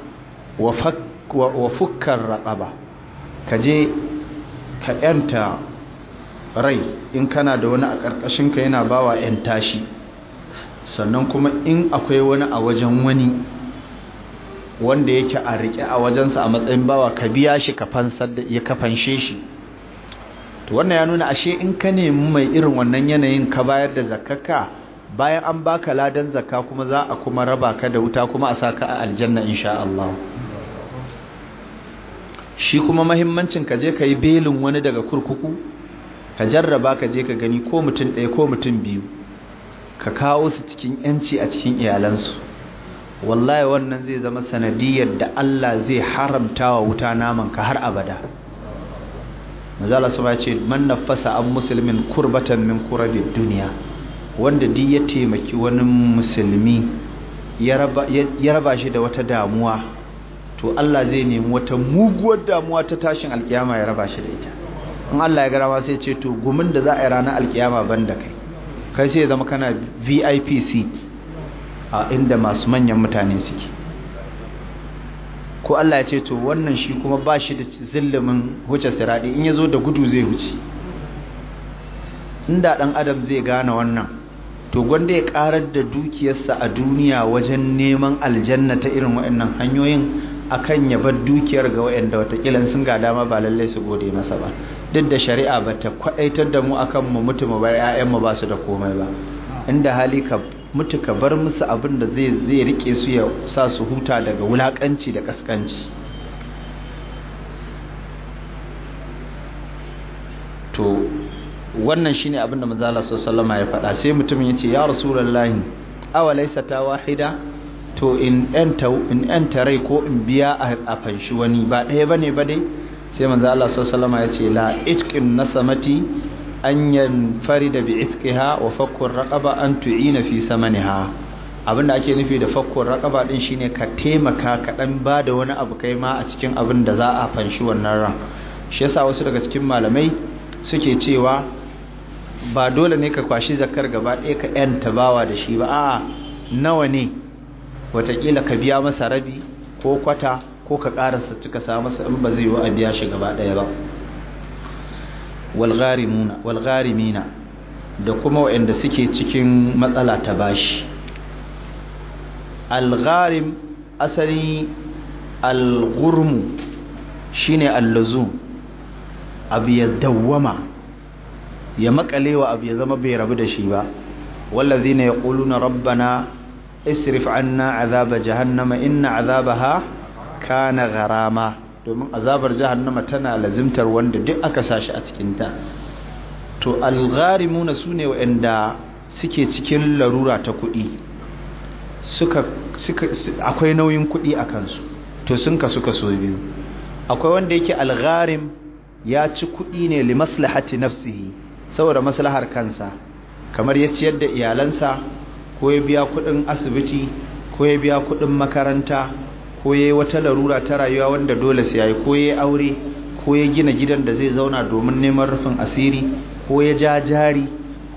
wa fak wa fukkar rababa kaje ka yanta rai in kana da wani a ka yana bawa 'yan tashi sannan kuma in akwai wani a wajen wani wanda yake a riƙe a wajensa a matsayin bawa ka biya shi ka fanshe shi to wannan ya nuna ashe in ka nemi mai irin wannan yanayin ka bayar da zakaka bayan an baka ladan zakka kuma za a kuma raba ka da wuta kuma a sa ka a aljanna insha Allah shi kuma mahimmancin ka je ka belin wani daga kurkuku ka jarraba ka je ka gani ko mutum ɗaya ko mutum biyu ka kawo su cikin yanci a cikin iyalansu wallahi wannan zai zama sanadiyar da Allah zai haramta wa wuta naman ka har abada mazala su ce man nafasa an musulmin kurbatan min da duniya wanda di ya taimaki wani musulmi ya raba shi da wata damuwa to Allah zai nemi wata muguwar damuwa ta tashin alkiyama ya raba shi da ita in Allah ya gara ma sai ce to gumin da za a yi ranar alkiyama ban da kai kai sai zama kana VIP seat a inda masu manyan mutane suke ko Allah ya ce to wannan shi kuma ba shi da zillumin huce siradi in ya zo da gudu zai huce inda dan adam zai gane wannan to gwanda ya karar da dukiyarsa a duniya wajen neman aljanna ta irin waannan hanyoyin akan ya bar dukiyar ga wa'anda watakila sun ga dama ba lallai su gode masa ba duk da shari'a ba ta kwaɗaitar da mu akan mu mutu mu bar 'ya'yanmu ba su da komai ba inda hali ka mutu ka bar musu abin da zai zai rike su ya sa su huta daga wulakanci da kaskanci to wannan shine abin da manzo Allah sallallahu ya faɗa sai mutumin ce ya rasulullahi aw laysa ta wahida to in anta in rai ko in biya a fanshi wani ba ɗaya bane ba dai sai manzo Allah sallallahu alaihi wasallam ya ce la itqin nasamati an yanfarida bi itqiha wa fakkur raqaba an tu'ina fi samaniha abinda ake nufi da fakkur raqaba din shine ka taimaka ka dan bada wani abu kai ma a cikin abin da za a fanshi wannan ran shi yasa wasu daga cikin malamai suke cewa ba dole ne ka kwashi zakar gaba ɗaya ka yanta tabawa da shi ba a'a nawa ne watakila ka biya masa rabi ko kwata ko ka karasa cika sa masa in ba zai yi a biya shi gaba ɗaya ba walgharimina da kuma waɗanda suke cikin matsala ta bashi algharim asali algurmu shine allazu abu ya dawwama ya makalewa abu ya zama bai rabu da shi ba wallazina yaquluna rabbana isrif anna azaba jahannama inna azabaha kana gharama domin azabar jahannama tana lazimtar wanda duk aka sashi a cikin ta to al sune wa'anda suke cikin larura ta kuɗi suka suka akwai nauyin kuɗi a kansu to sun kasu so biyu akwai wanda yake al-gharim ya ci kuɗi ne li maslahati nafsihi saboda maslahar kansa kamar ya ciyar da iyalansa ko ya biya kuɗin asibiti ko ya biya kuɗin makaranta ko yayi wata larura ta rayuwa wanda dole sai yayi ko yayi aure ko ya gina gidan da zai zauna domin neman rufin asiri ko ya ja jari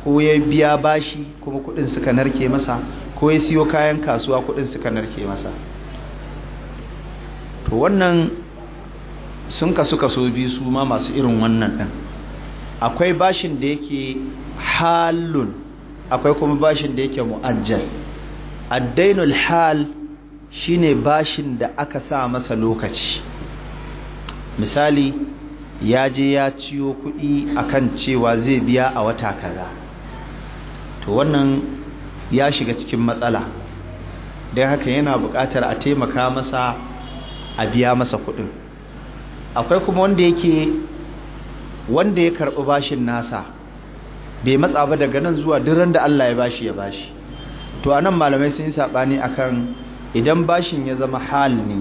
ko ya biya bashi kuma kudin suka narke masa ko ya siyo kayan kasuwa kudin suka narke masa to wannan sun kasu kaso bi su ma masu irin wannan din akwai bashin da yake halun akwai kuma bashin da yake mu'ajjal addainul hal shine bashin da aka sa masa lokaci misali ya je ya ciyo kuɗi akan cewa zai biya a wata kaza to wannan ya shiga cikin matsala don haka yana buƙatar a taimaka masa a biya masa kuɗin akwai kuma wanda yake wanda ya karɓi bashin nasa bai matsa ba daga nan zuwa duran da Allah ya bashi ya bashi to anan malamai sun yi saɓani akan idan bashin ya zama hal ne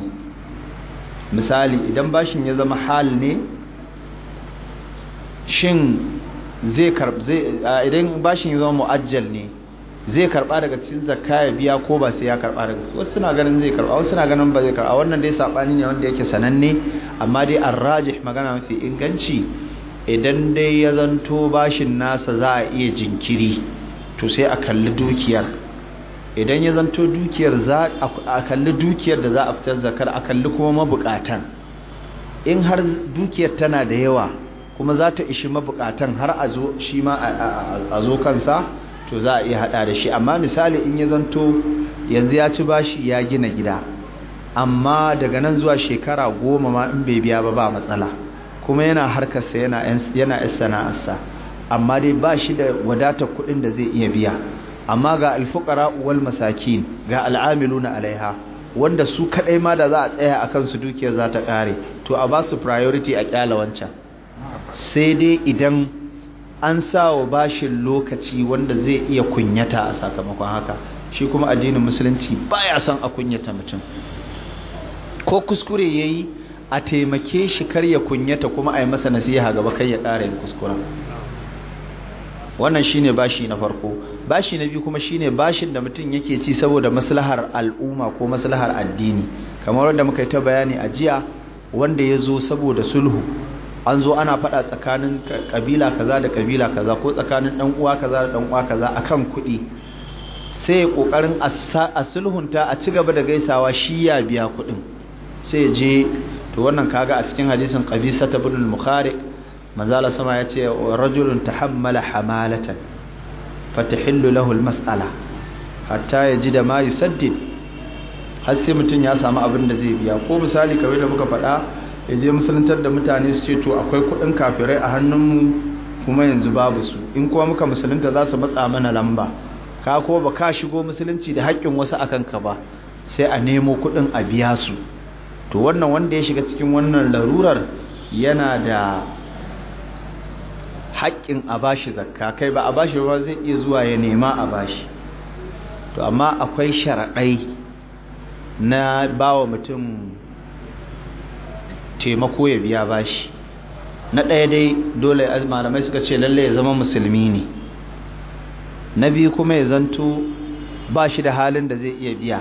misali idan bashin ya zama hal ne shin zai karba idan bashin ya zama mu'ajjal ne zai karba daga cikin zakka ya biya ko ba sai ya karba daga wasu suna ganin zai karba wasu suna ganin ba zai karba wannan dai sabani ne wanda yake sananne amma dai arrajih magana mafi inganci idan dai ya zanto bashin nasa za a iya jinkiri to sai a kalli dukiyar idan ya zanto dukiyar za a kalli dukiyar da za a fitar zakar a kalli kuma mabukatan in har dukiyar tana da yawa kuma za ta ishi mabukatan har a zo shi ma a zo kansa to za a iya hada da shi amma misali in ya zanto yanzu ya ci bashi ya gina gida amma daga nan zuwa shekara goma ma in bai biya ba ba matsala kuma yana harkarsa yana yana sana'arsa amma dai ba shi da wadatar kuɗin da zai iya biya amma ga alfukara wal masakin ga al'amiluna alaiha wanda su kadai ma da za a tsaya akan su dukiyar za ta kare to a ba su priority a kyala wancan sai dai idan an sawa bashin lokaci wanda zai iya kunyata a sakamakon haka shi kuma addinin musulunci baya son a kunyata mutum ko kuskure yayi a taimake shi kar ya kunyata kuma a yi masa nasiha gaba kai ya kare yin kuskura wannan shine bashi na farko bashi na biyu kuma shine bashin da mutum yake ci saboda maslahar al'umma ko maslahar addini kamar wanda muka yi ta bayani a jiya wanda ya zo saboda sulhu an zo ana faɗa tsakanin kabila kaza da kabila kaza ko tsakanin ɗan uwa kaza da ɗan uwa kaza akan kuɗi sai kokarin a sulhunta a ci gaba da gaisawa shi ya biya kuɗin sai je to wannan kaga a cikin hadisin qabisa ta ibn al-mukhari manzala sama ya ce rajulun tahammala hamalatan fatahillu lahul almas'ala hatta da ma saddin har sai mutun ya samu abin da zai biya ko misali kawai da muka faɗa yaje musuluntar da mutane su ce to akwai kuɗin kafirai a hannunmu kuma yanzu babu su in kuma muka musulunta za su matsa mana lamba ka ko ba ka shigo musulunci da haƙƙin wasu akan ka ba sai a nemo kuɗin a biya su to wannan wanda ya shiga cikin wannan larurar yana da haƙƙin a bashi zakka kai ba a bashi ba zai iya zuwa ya nema a bashi to amma akwai sharaɗai na bawa mutum taimako ya biya bashi na ɗaya dai dole malamai suka ce lalle ya zama musulmi ne na biyu kuma ya zanto ba shi da halin da zai iya biya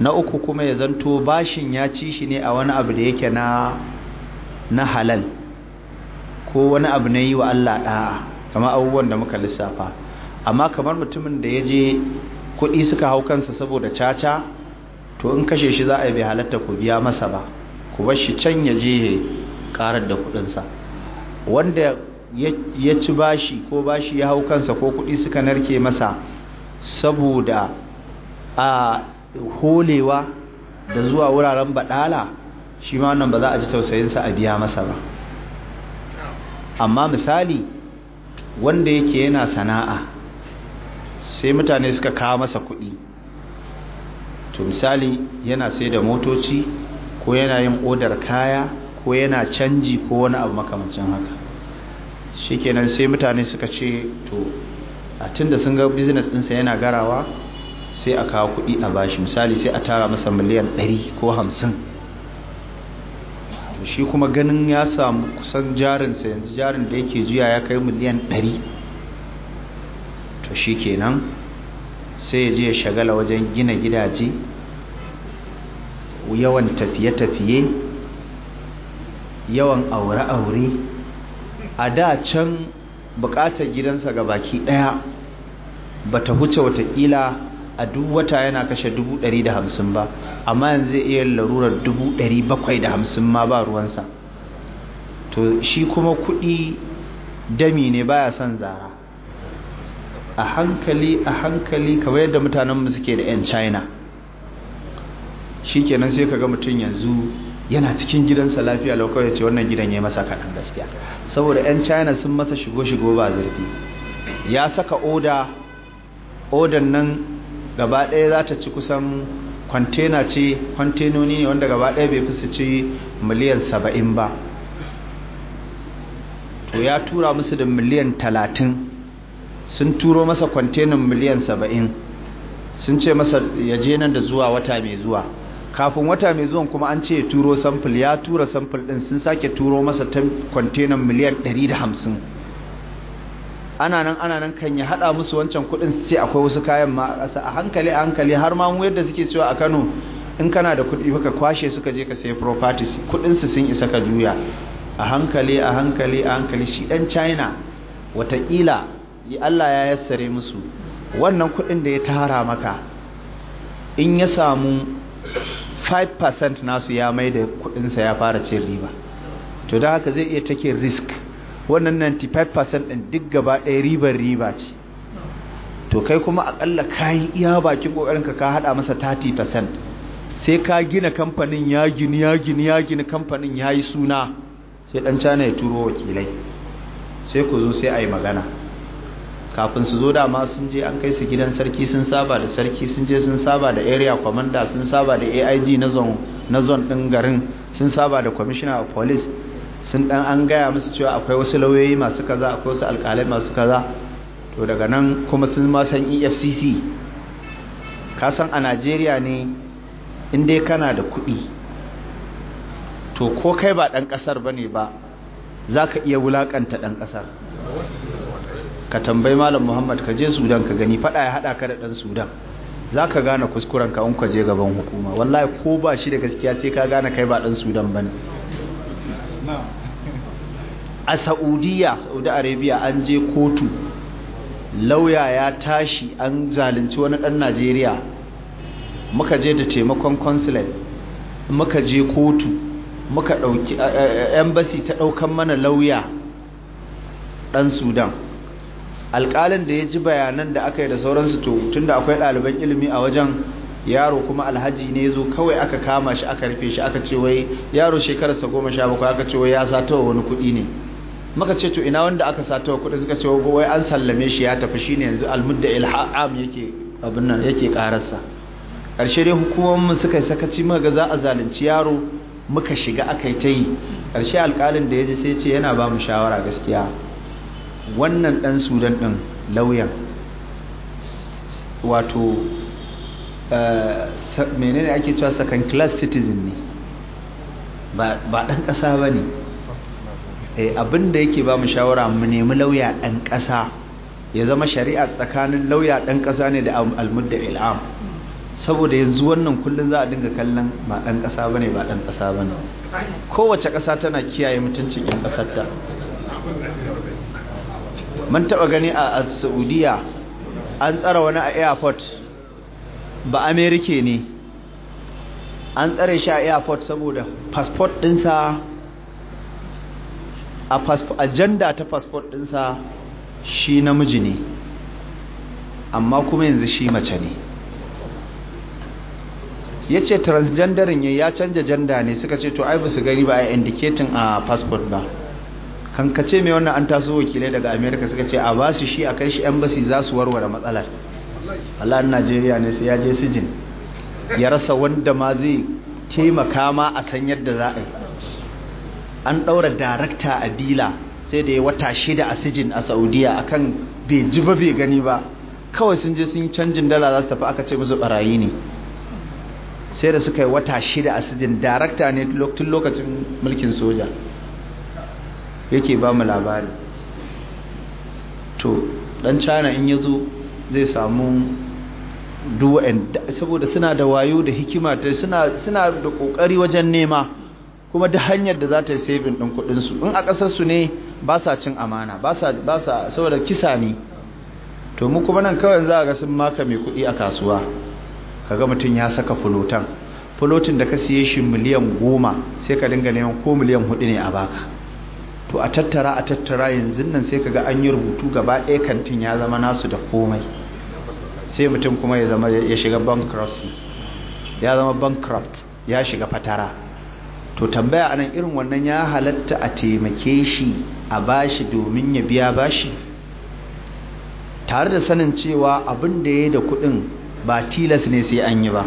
na uku kuma ya zanto bashin ya ci shi ne a wani abu da yake na halal ko wani abu na yi wa Allah da'a kamar abubuwan da muka lissafa amma kamar mutumin da ya je kuɗi suka hau kansa saboda caca to in kashe shi za a yi bai halatta ku biya masa ba ku bar shi can ya je karar da kuɗinsa wanda ya ci bashi ko bashi ya hau kansa ko kuɗi suka narke masa saboda a holewa da zuwa wuraren baɗala shi ma wannan ba za a ji tausayinsa a biya masa ba amma misali wanda yake yana sana'a sai mutane suka kawo masa kuɗi to misali yana sai da motoci ko yana yin odar kaya ko yana canji ko wani abu makamancin haka shikenan sai mutane suka ce to a tunda sun ga business ɗinsa yana garawa sai a kawo kuɗi a bashi misali sai a tara masa miliyan 100 ko 50 shi kuma ganin ya samu kusan jarinsa yanzu jarin da yake jiya ya kai miliyan 100 to shi kenan sai ya je ya shagala wajen gina gidaje yawan tafiye-tafiye yawan aure-aure a da can bukatar gidansa ga baki daya ba ta huce watakila a duk wata yana kashe ɗari 150 ba amma yanzu zai iya larurar 750 ma ba ruwansa to shi kuma kuɗi dami ne baya son zara a hankali a hankali kawai yadda mutanenmu suke da 'yan china shi kenan sai kaga mutum yanzu yana cikin gidansa lafiya lokacin ya ce wannan gidan ya masa kaɗan gaskiya saboda 'yan china sun masa shigo-shigo ba zurfi ya saka oda odan nan gaba ɗaya za ta ci kusan kwantena ce kwantenoni ne wanda gaba ɗaya bai fi su ci miliyan saba'in ba to ya tura musu da miliyan talatin sun turo masa kwantenan miliyan saba'in sun ce masa ya je nan da zuwa wata mai zuwa kafin wata mai zuwan kuma an ce ya turo samfil ya tura samfil ɗin sun sake turo masa ta kwantenan miliyan ɗari da hamsin ana nan ana nan kan ya hada musu wancan kudin sai akwai wasu kayan ma a ƙasa a hankali a hankali har ma mu yadda suke cewa a Kano in kana da kudi baka kwashe suka je ka sayi properties kudin su sun isa ka juya a hankali a hankali a hankali shi dan China watakila yi Allah ya yassare musu wannan kudin da ya tara maka in ya samu 5% nasu ya mai da kudinsa ya fara cin riba to da haka zai iya take risk wannan 95% ɗin duk gaba ɗaya ribar riba ce to kai kuma aƙalla kayi iya bakin ƙoƙarinka ka haɗa masa 30% sai ka gina kamfanin ya gini ya gini ya gini kamfanin ya yi suna sai ɗan cana ya turo wakilai sai ku zo sai a yi magana kafin su zo da ma sun je an kai su gidan sarki sun saba da sarki sun je sun saba da area commander sun saba da aig na zon ɗin garin sun saba da commissioner of police sun dan an gaya musu cewa akwai wasu lauyoyi masu kaza akwai wasu alƙalai masu kaza to daga nan kuma sun ma san efcc ka san a najeriya ne inda kana da kuɗi to ko kai ba ɗan kasar ba ne ba za ka iya wulakanta ɗan ƙasar ka tambayi malam muhammad ka je sudan ka gani faɗa ya haɗa ka da ɗan sudan za ka gane kuskuren ka in je gaban hukuma wallahi ko ba shi da gaskiya sai ka gane kai ba ɗan sudan ba ne a saudiya saudi arabia an je kotu lauya ya tashi an zalunci wani ɗan najeriya muka je da taimakon consulate muka je kotu muka dauki eh, eh, eh, embassy ta ɗaukan mana lauya ɗan sudan alƙalin da ya ji bayanan da aka yi da sauransu to tunda akwai ɗaliban ilimi a wajen yaro kuma alhaji ne zo kawai aka kama shi aka rufe shi aka ce wai yaro shekararsa goma sha bakwai aka ce wai ya satawa wani kuɗi ne maka ce to ina wanda aka satawa kuɗi suka ce wai an sallame shi ya tafi shi ne yanzu almudda ilham yake abin nan yake ƙararsa ƙarshe dai hukumomin suka sakaci maga za a zalunci yaro muka shiga aka yi ta yi ƙarshe alƙalin da ya ji sai ce yana ba mu shawara gaskiya wannan ɗan sudan ɗin lauyan wato Eh, menene ake cewa second class citizen ne ba ɗan ƙasa ba ne eh, abinda yake ba mu shawara mu nemi lauya ɗan ƙasa ya zama shari'a tsakanin lauya ɗan kasa ne da almudda il'am saboda yanzu wannan kullum za a dinga kallon ba ɗan ƙasa ba ba ɗan ƙasa ba kowace ƙasa tana kiyaye mutuncin 'yan ta. mun taɓa gani a saudiya an tsara wani a airport ba amerike ne an tsare shi a airport saboda passport dinsa a agenda ta passport dinsa shi namiji ne amma kuma yanzu shi mace ne ya ce transgenderin ya canja janda ne suka ce to ai ba su gani ba a indicating a passport ba kankace mai wannan an taso wakilai daga Amerika suka ce a basu shi a kai shi embassy za su warware matsalar Allah Najeriya ne sai ya je sijin ya rasa wanda ma zai taimaka ma a san yadda za a yi an ɗaura darakta a bila sai da ya wata shida a sijin a saudiya akan bai ji ba bai gani ba kawai sun je sun yi canjin dala za su tafi aka ce musu barayi ne sai da suka yi wata shida a sijin darakta ne tun lokacin mulkin soja yake ba mu labari to dan china in ya zo zai samu duwa'in saboda suna da wayo da hikima ta suna da kokari wajen nema kuma da hanyar da za ta yi saving ɗin kuɗinsu in a ƙasarsu ne ba sa cin amana ba sa saboda kisa ne to mu kuma nan kawai za a ga sun maka mai kuɗi a kasuwa kaga mutum ya saka fulotan fulotin da ka siye shi miliyan goma sai ka dinga neman ko miliyan hudu ne a baka to a tattara a tattara yanzu nan sai kaga an yi rubutu gaba ɗaya kantin ya zama nasu da komai sai mutum kuma ya zama ya shiga bankruptcy ya zama bankrupt ya shiga fatara to tambaya anan irin wannan ya halatta a taimake shi a bashi domin ya biya bashi tare da sanin cewa abin da ya da kuɗin ba tilas ne sai an yi ba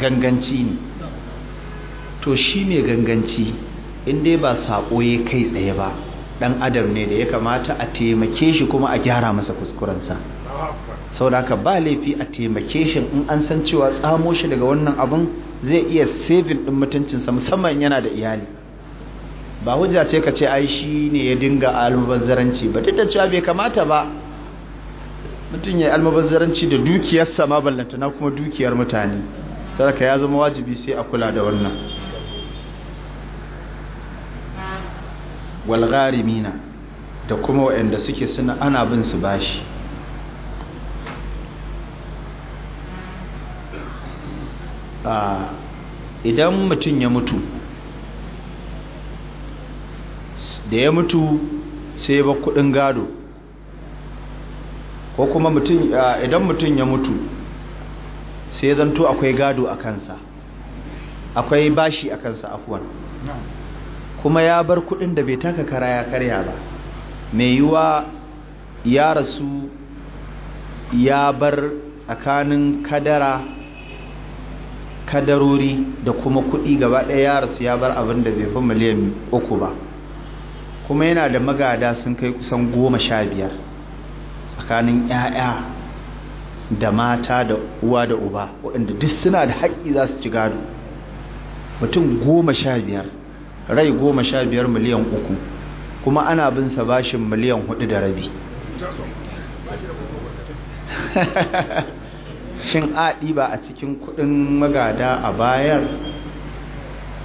ganganci ne to shi ne ganganci in dai ba saƙo ya kai tsaye ba ɗan adam ne da ya kamata a taimake shi kuma a gyara masa kuskurensa sau da haka ba laifi a taimake shi in an san cewa tsamo shi daga wannan abin zai iya sevin ɗin mutuncinsa musamman yana da iyali ba hujja ce ka ce ai shi ne ya dinga almubazzaranci ba duk da cewa bai kamata ba mutum ya yi almubazzaranci da dukiyarsa ma ballantana kuma dukiyar mutane saraka ya zama wajibi sai a kula da wannan walgharimina da kuma waɗanda suke suna ana bin su bashi idan mutum ya mutu da ya mutu sai ya ba kudin gado ko kuma idan mutum ya mutu sai zanto akwai gado a kansa akwai bashi a kansa afuwan kuma ya bar kudin da bai taka kara ya karya ba mai yiwa ya rasu ya bar tsakanin kadara kadarori da kuma kudi gaba ɗaya ya rasu ya bar abin da bai fi miliyan uku ba kuma yana da magada sun kai kusan goma sha biyar tsakanin 'ya'ya da mata da uwa da uba waɗanda duk suna da haƙƙi za su ci gado mutum goma sha biyar rai goma sha biyar miliyan uku kuma ana bin sa bashin miliyan hudu da rabi (laughs) shin a ba a cikin kudin magada a bayar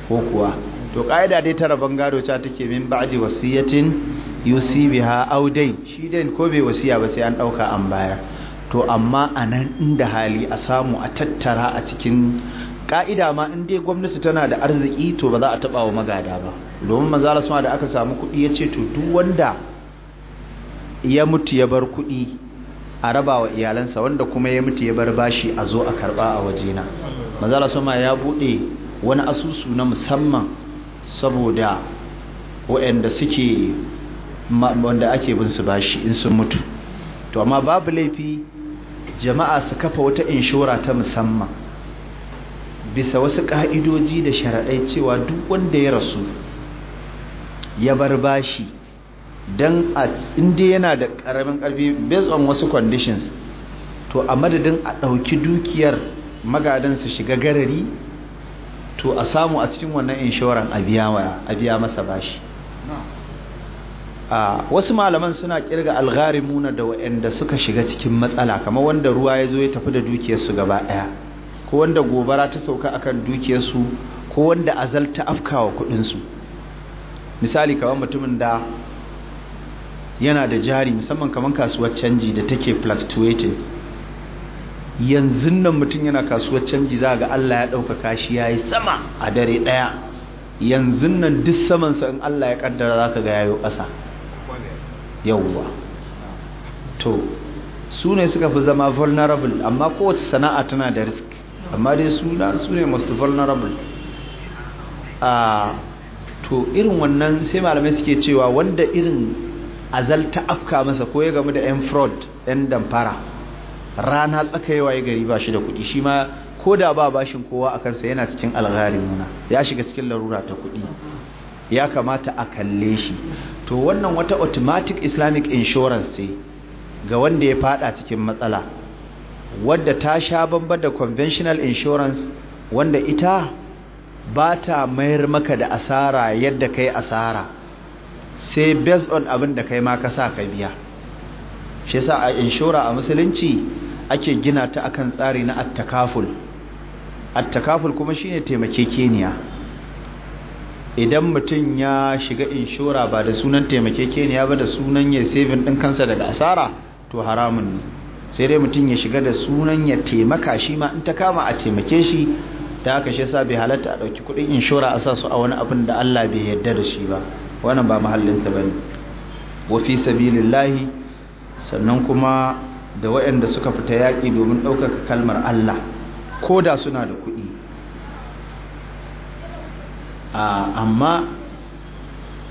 ko kuwa to ƙa'ida dai tara gado ta take min ba'di wasiyatin yusi biha audai? shi dai ko bai wasiya ba sai an ɗauka an bayar to amma a nan inda hali a samu a tattara a cikin ka'ida ma in dai gwamnati tana da arziki to ba za a taba wa magada ba domin manzo Allah da aka samu kuɗi ya ce to duk wanda ya mutu ya bar kuɗi a rabawa iyalansa wanda kuma ya mutu ya bar bashi a zo a karɓa a wajena manzo Allah subhanahu ya bude wani asusu na musamman saboda waɗanda suke wanda ake bin su bashi in sun mutu to amma babu laifi jama'a su kafa wata inshora ta musamman bisa wasu ƙa'idoji da sharaɗai cewa duk wanda ya rasu ya bar bashi don a, inda yana da ƙaramin ƙarfi based on wasu conditions to a madadin a ɗauki dukiyar magadan su shiga garari to a samu a cikin wannan inshoran a biya masa bashi a wasu malaman suna kirga algarimuna da waanda suka shiga cikin matsala kamar wanda ruwa ya zo ya tafi da dukiyarsu gaba ɗaya ko wanda gobara ta sauka akan dukiyarsu ko wanda azal ta afkawa kuɗinsu misali kamar mutumin da yana da jari musamman kamar kasuwar canji da take fluctuating yanzu nan mutum yana kasuwar canji za ga Allah ya ɗaukaka shi ya yi sama a dare ɗaya yanzu nan duk samansa in Allah ya ƙaddara za ka ga yayo ƙasa yauwa to su ne suka fi zama vulnerable amma kowace sana'a tana da risk amma dai suna su ne most vulnerable a to irin wannan sai malamai suke cewa wanda irin azal ta afka masa ko ya gamu da yan fraud yan damfara rana tsakaiwa ya gari ba shi da kuɗi shi ma ko da ba bashin kowa a kansa yana cikin algharimuna ya shiga cikin larura ta kuɗi ya kamata a kalle shi to wannan wata automatic islamic insurance ce ga wanda ya fada cikin matsala wadda ta sha bambar da conventional insurance wanda ita ba ta mayar maka da asara yadda kai asara sai based on abin da kai ma ka sa ka biya shi sa a inshora a musulunci ake gina ta akan tsari na attakaful attakaful kuma shine keniya idan mutum ya shiga inshora ba da sunan taimake keniya ba da sunan ya saving din kansa daga asara to haramun ne sai dai mutum ya shiga da sunan ya taimaka shi ma in ta kama a taimake shi da haka shi sa bai halatta a ɗauki kuɗin inshora a sa su a wani abin da Allah bai yarda da shi ba wannan ba muhallinta ba ne wa fi sabilillahi sannan kuma da waɗanda suka fita yaƙi domin ɗaukaka kalmar Allah ko da suna da kuɗi amma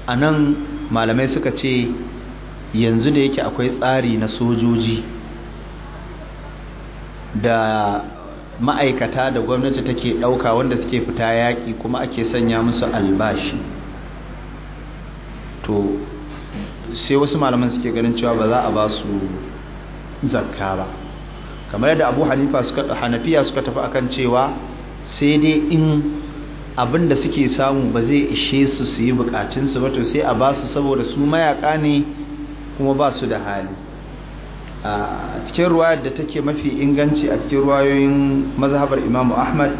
a nan malamai suka ce yanzu da yake akwai tsari na sojoji da ma'aikata da gwamnati take ɗauka wanda suke fita yaƙi kuma ake sanya musu albashi to sai wasu malaman suke ganin cewa ba za a ba su zakka ba kamar yadda abu hanifa suka hanafiya suka tafi akan cewa sai dai in abin da suke samu ba zai ishe su su yi bukatunsu ba to sai a ba su saboda su mayaka ne kuma ba su da hali a cikin ruwayar da take mafi inganci a cikin ruwayoyin mazhabar imamu ahmad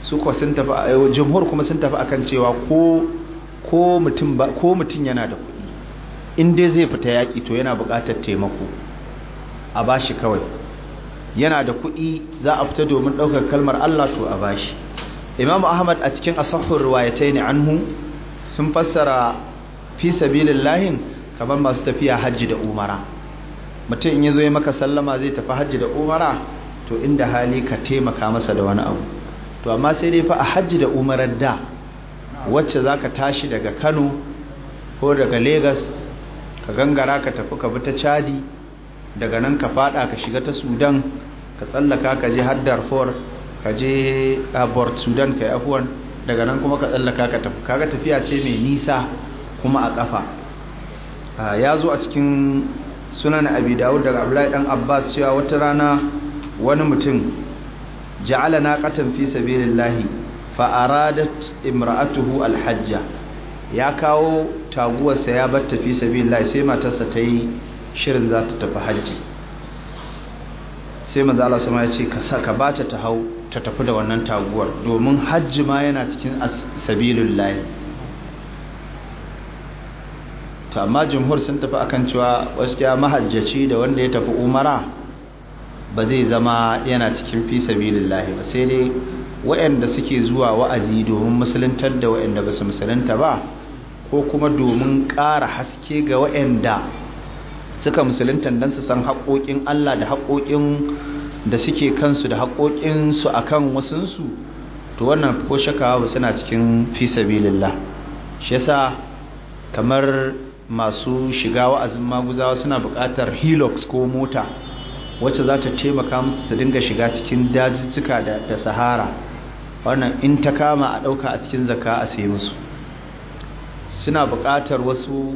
su kuwa sun tafi a jumhur kuma sun tafi akan cewa ko mutum yana da kuɗi in zai fita yaƙi to yana buƙatar taimako a bashi kawai yana da kuɗi za a fita domin ɗaukar kalmar Allah to a bashi imamu ahmad a cikin asafin ruwayatai ne anhu sun fassara fi sabilin lahin, kamar masu tafiya hajji da umara mutum in ya zo ya maka sallama zai tafi hajji da umara to inda hali ka taimaka masa da wani abu to amma sai dai fa a hajji da umarar da wacce za ka tashi daga kano ko daga Legas ka gangara ka tafi ka bi ta chadi daga nan ka fada ka shiga ta sudan ka tsallaka ka je har darfur ka je a sudan ka yi afuwan daga nan kuma ka tsallaka ka tafi kaga tafiya ce mai nisa kuma a kafa ya zo a cikin sunan abi dawud daga abdullahi dan abbas cewa wata rana wani mutum ja'ala naqatan fi sabilillahi fa aradat imra'atuhu alhajja ya kawo taguwarsa ya batta fi sabilillahi sai matarsa ta yi shirin za ta tafi haji sai manzo Allah sama ya ce ka saka bata ta hau ta tafi da wannan taguwar domin hajji ma yana cikin sabilillahi ta amma jumhur sun tafi akan cewa gaskiya mahajjaci da wanda ya tafi umara ba zai zama yana cikin fi sabilillahi ba sai dai wayanda suke zuwa wa'azi domin musuluntar da wa'anda ba su musulunta ba ko kuma domin ƙara haske ga wa'anda suka musulunta don su san haƙoƙin Allah da haƙoƙin da suke kansu da haƙoƙin su akan wasunsu to wannan ko shakawa ba suna cikin fi sabilillah shi yasa kamar masu shiga wa'azin maguzawa suna buƙatar helix ko mota wacce za ta taimaka musu su dinga shiga cikin dajijjika da sahara wannan in ta kama a ɗauka a cikin zaka a sai musu suna buƙatar wasu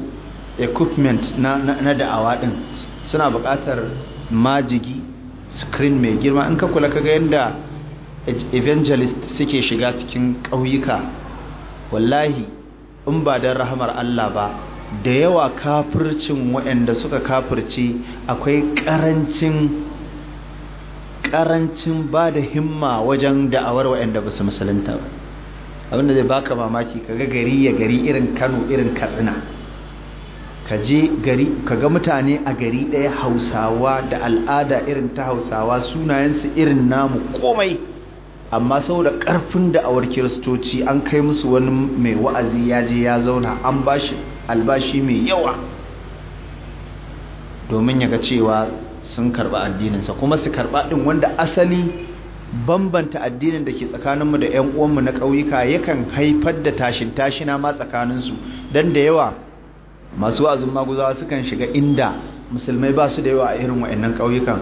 equipment na da'awa ɗin suna buƙatar majigi screen mai girma in ka kula kaga yadda e-, evangelist suke shiga cikin ƙauyuka wallahi in ba don rahamar Allah ba da yawa kafircin waɗanda suka kafirci akwai ƙarancin ƙarancin ba da himma wajen da'awar waɗanda ba su musulunta ba abinda zai baka mamaki kaga gari ya gari irin kano irin katsina ka je kaga mutane a gari ɗaya hausawa da al'ada irin ta hausawa sunayensu irin namu komai amma saboda ƙarfin da'awar kiristoci an kai musu wani mai wa'azi ya je ya zauna an ba shi albashi mai yawa domin ya ga cewa sun karba addininsa kuma su karba din wanda asali bambanta addinin da ke tsakaninmu da 'yan uwanmu na ƙauyuka yakan haifar da tashin tashina ma tsakaninsu don da yawa masu wa'azin maguzawa sukan shiga inda musulmai ba su da yawa a irin wa'annan ƙauyukan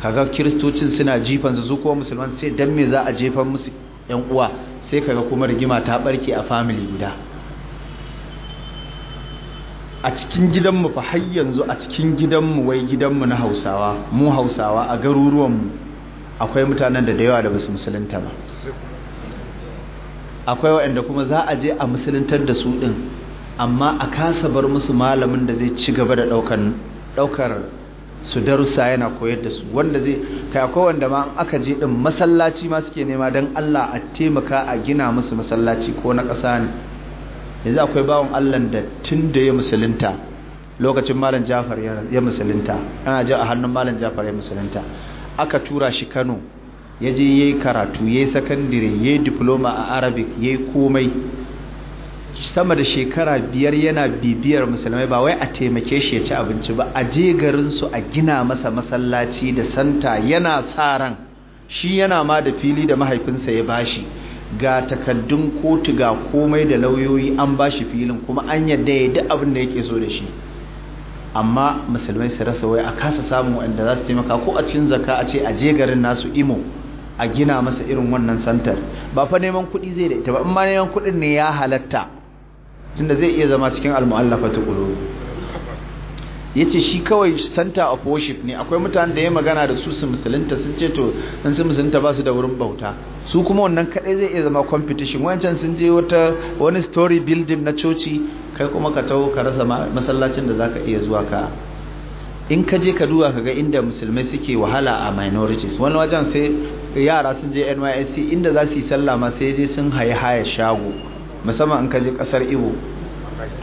kaga kiristocin suna jifan su kuma musulman sai don me za a jefan musu 'yan uwa sai kaga kuma rigima ta ɓarke a famili guda a cikin gidanmu fa har yanzu a cikin gidanmu wai gidanmu na hausawa mu hausawa a garuruwanmu akwai mutanen da da yawa da basu musulunta ba akwai waɗanda kuma za a je a musuluntar da su ɗin amma a kasa bar musu malamin da zai ci gaba da ɗaukar su darussa yana koyar da su wanda zai kai akwai wanda ma aka je ɗin masallaci ma suke nema don allah a taimaka a gina musu masallaci ko na ƙasa ne yanzu akwai bawan allan da tun da ya musulunta lokacin malam Jafar ya musulunta ana ji a hannun malam Jafar ya musulunta aka tura shi Kano ya je ya yi karatu ya yi sakandire ya yi diploma a Arabic yi komai sama da shekara biyar yana bibiyar musulmai ba wai a taimake shi ya ci abinci ba a je garinsu a gina masa masallaci da santa yana sa ran shi yana ma da fili da mahaifinsa ya bashi ga takaddun kotu ga komai da lauyoyi an ba shi filin kuma an yadda ya duk abin da yake so da shi amma musulmai su rasa wai a kasa samun wanda za su taimaka ko a cin zaka a ce a je garin nasu imo a gina masa irin wannan santar ba fa neman kuɗi zai da ita ba in ma neman kuɗin ne ya halatta tunda zai iya zama cikin almu'allafatu qulubi ya ce shi kawai center of worship ne akwai mutane da ya magana da su su musulunta sun ce to sun su musulunta ba su da wurin bauta su kuma wannan kaɗai zai iya zama competition wancan sun je wata wani story building na coci kai kuma ka taho ka rasa masallacin da zaka iya zuwa ka in ka je ka duba ka ga inda musulmai suke wahala a minorities wani wajen sai yara sun je NYSC inda za su yi sallah ma sai je sun haye shago musamman in ka je kasar Igbo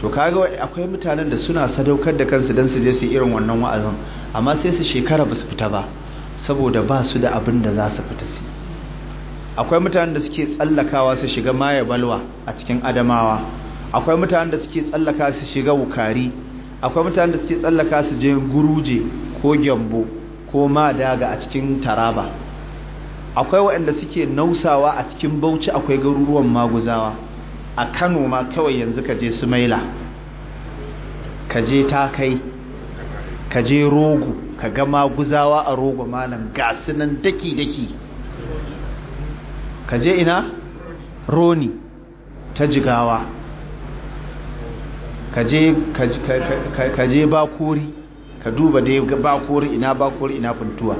to kaga akwai mutanen da suna sadaukar da kansu don su je su irin wannan wa'azin amma sai su shekara ba su fita ba saboda ba su da abin da za su fita su akwai mutanen da suke tsallakawa su shiga maye balwa a cikin adamawa akwai mutanen da suke tsallaka su shiga wukari akwai mutanen da suke tsallaka su je guruje ko gyambo ko madaga a cikin taraba akwai waɗanda suke nausawa a cikin bauchi akwai garuruwan maguzawa a kano ma kawai yanzu ka je sumaila ka je takai ka je rogo ka ga maguzawa a rogo malam gasu nan daki-daki ka je ina roni ta jigawa ka je bakori ka duba dai bakori ina bakori ina funtuwa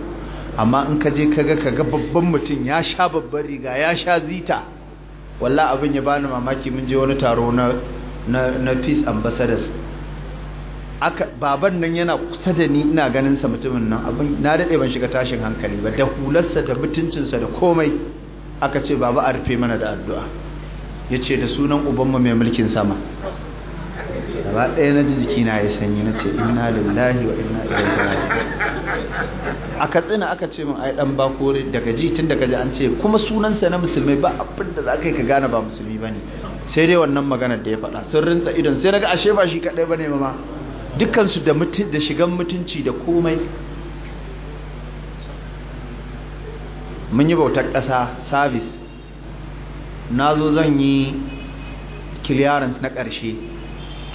amma in ka je kaga kaga babban mutum ya sha babban riga ya sha zita walla abin ya bani mamaki mun je wani taro na na peace ambassadors aka baban nan yana kusa da ni ina ganin sa mutumin nan abin na dade ban shiga tashin hankali ba da hularsa da mutuncinsa da komai aka ce baba a rufe mana da addu'a yace da sunan ubanmu mai mulkin sama
gaba ɗaya na jiki
na ya sanyi na ce ina lillahi wa inna ilaihi
raji'un
a katsina aka ce min ai dan bakore daga ji tun daga ji an ce kuma sunansa na musulmai ba abin da zaka yi ka gane ba musulmi bane sai dai wannan maganar da ya faɗa sun rinsa idon sai naga ashe ba shi kadai bane ma dukkansu da da shigan mutunci da komai mun yi bautar ƙasa service na zo zan yi clearance na ƙarshe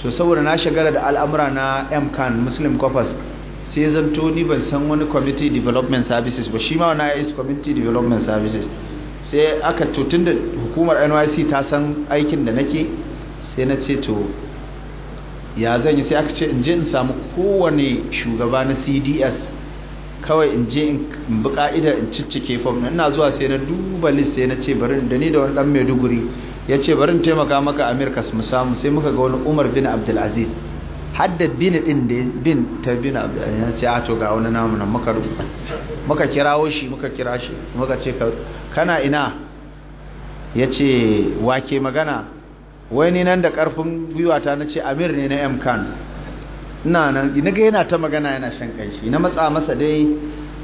to saboda na shagara da al'amura na mcan muslim coffers sai zan ni ban san wani community development services ba shi ma wani is community development services sai aka to tunda hukumar nyc ta san aikin da nake sai na ce to ya zan yi sai aka ce in je in samu kowane shugaba na cds kawai in je in bi in ciccike form ina zuwa sai na duba list sai na ce bari da ni da wani dan maiduguri ya ce barin taimaka maka amir ka samu sai muka ga wani umar bin abdulaziz hadda bin din da bin ta bin abdulaziz ya ce a to ga wani namu nan muka rufu muka kirawo shi muka kira shi muka ce kana ina ya ce wake magana wai ni nan da karfin gwiwata na ce amir ne na yam kan ina nan ina ga yana ta magana yana shan kanshi na matsa masa dai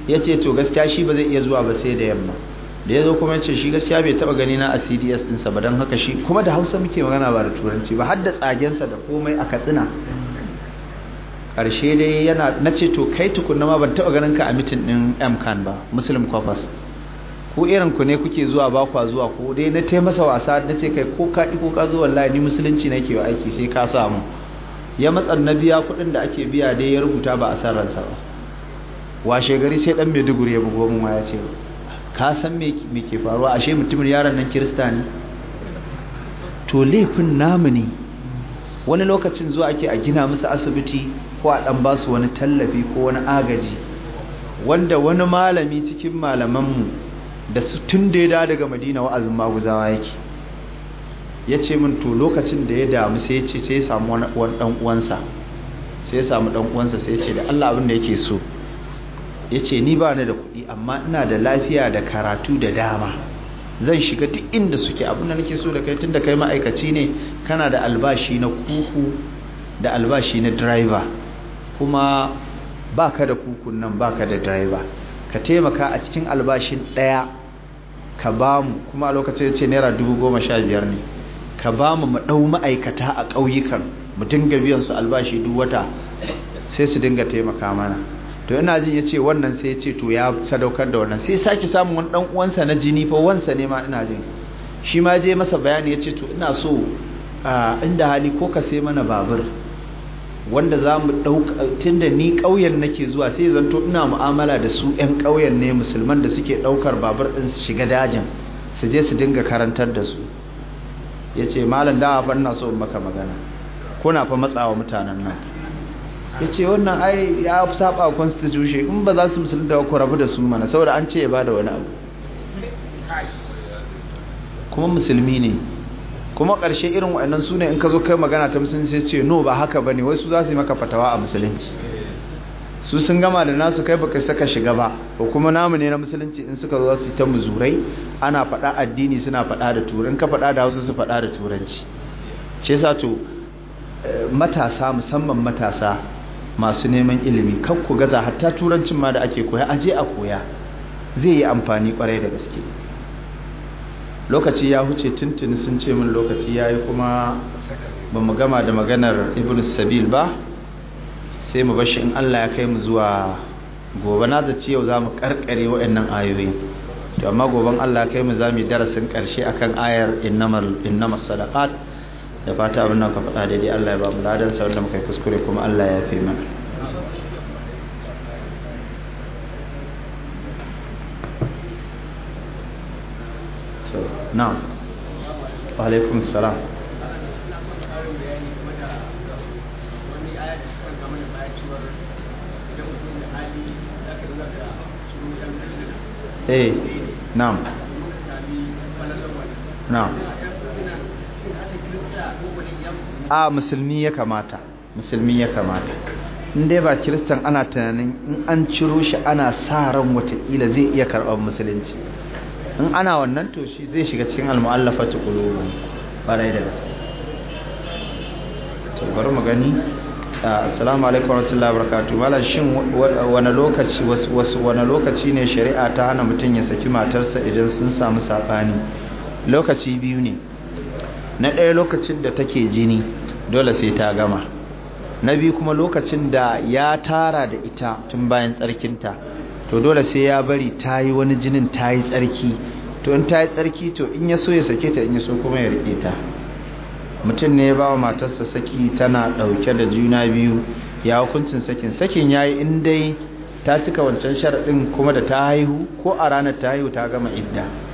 ya ce to gaskiya shi ba zai iya zuwa ba sai da yamma da ya zo kuma ce shi gaskiya bai taba gani na a cds ɗinsa ba don haka shi kuma da hausa muke magana ba da turanci ba har da tsagensa da komai a katsina Karshe dai yana na ce to kai tukunna ma ban taba ganin ka a mitin ɗin mcan ba muslim kwafas ko irin ku ne kuke zuwa ba kwa zuwa ko dai na te masa wasa na ce kai ko ka ko ka zo wallahi ni musulunci nake wa aiki sai ka samu ya matsan na biya kuɗin da ake biya dai ya rubuta ba a san ransa ba washe gari sai dan maiduguri ya bugo mun ya ce ka san me ke faruwa ashe mutumin yaron nan kirista ne to laifin namu ne wani lokacin zuwa ake a gina musu asibiti ko a dan basu wani tallafi ko wani agaji wanda wani malami cikin malamanmu da su tun da ya da daga madina wa'azin maguzawa yake ya ce min to lokacin da ya damu sai ya ce sai ya samu wani ɗan uwansa sai ya samu ɗan sai ya ce da allah abin da yake so ya ce ni ba ni da kuɗi amma ina da lafiya da karatu da dama zan shiga duk inda suke abin da nake so da kai tun da kai ma'aikaci ne kana da albashi na kuku da albashi na driver kuma baka da kukun nan baka da driver ka taimaka a cikin albashin ɗaya ka ba mu kuma a lokacin ya ce naira dubu goma sha biyar ne ka ba mu ɗau ma'aikata a ƙauyukan mu dinga biyan su albashi duk wata sai su dinga taimaka mana to yana jin ya ce wannan sai ya ce to ya sadaukar da wannan sai saki samun wani ɗan uwansa na jini fa wansa ne ma ina jin shi ma je masa bayani ce to ina so inda hali ko ka sai mana babur wanda za mu ɗauka tun da ni ƙauyen nake zuwa sai zan to ina mu'amala da su 'yan ƙauyen ne musulman da suke ɗaukar babur ɗin su shiga dajin su je su dinga karantar da su ya ce malam dawa fa ina so maka magana kuna fa matsawa mutanen nan ya ce wannan ai ya saba a constitution in ba za su musulun da wakwara rabu da su mana saboda an ce ya bada wani abu kuma musulmi ne kuma ƙarshe irin wa'annan su ne in ka zo kai magana ta musulun sai ce no ba haka ba ne wasu za su yi maka fatawa a musulunci su sun gama da nasu kai baka saka shiga ba ko kuma namu ne na musulunci in suka zo za su yi ta muzurai ana faɗa addini suna faɗa da turanci ka faɗa da wasu su faɗa da turanci ce sa to eh, matasa musamman matasa masu neman ilimi kan ku gaza hatta turancin ma da ake koya aje a koya zai yi amfani kwarai da gaske lokaci ya huce tuntuni sun ce min lokaci ya yi kuma ba mu gama da maganar ibn sabil ba sai mu bashi in allah ya kai mu zuwa gobe na da yau za mu karkare waɗannan ayoyi to amma goben allah ya kai mu za mu yi darasin ƙarshe akan ayar innamas sadaqat da fata abin nan ka faɗa daidai Allah ya ba mu ladan sa wanda muka yi kuskure kuma Allah ya fi mana so now wa alaikum salam
eh na'am
na'am a musulmi ya kamata musulmi ya kamata in dai ba kiristan ana tunanin in an ciro shi ana sa ran watakila zai iya karɓar musulunci in ana wannan to shi zai shiga cikin almu'allafa ta kulubun barai da gaske to bari mu gani assalamu alaikum warahmatullahi wabarakatuh malam shin wani lokaci wasu wani lokaci ne shari'a ta hana mutum ya saki matarsa idan sun samu sabani lokaci biyu ne na ɗaya lokacin da take jini dole sai ta gama na biyu kuma lokacin da ya tara da ita tun bayan tsarkinta to dole sai ya bari ta yi wani jinin ta yi tsarki to in ta yi tsarki to in ya so ya sake ta in ya so kuma ya riƙe ta mutum ne ya ba wa matarsa saki tana ɗauke da juna biyu ya hukuncin sakin sakin ya yi in dai ta cika wancan sharaɗin kuma da ta haihu ko a ranar ta haihu ta gama idda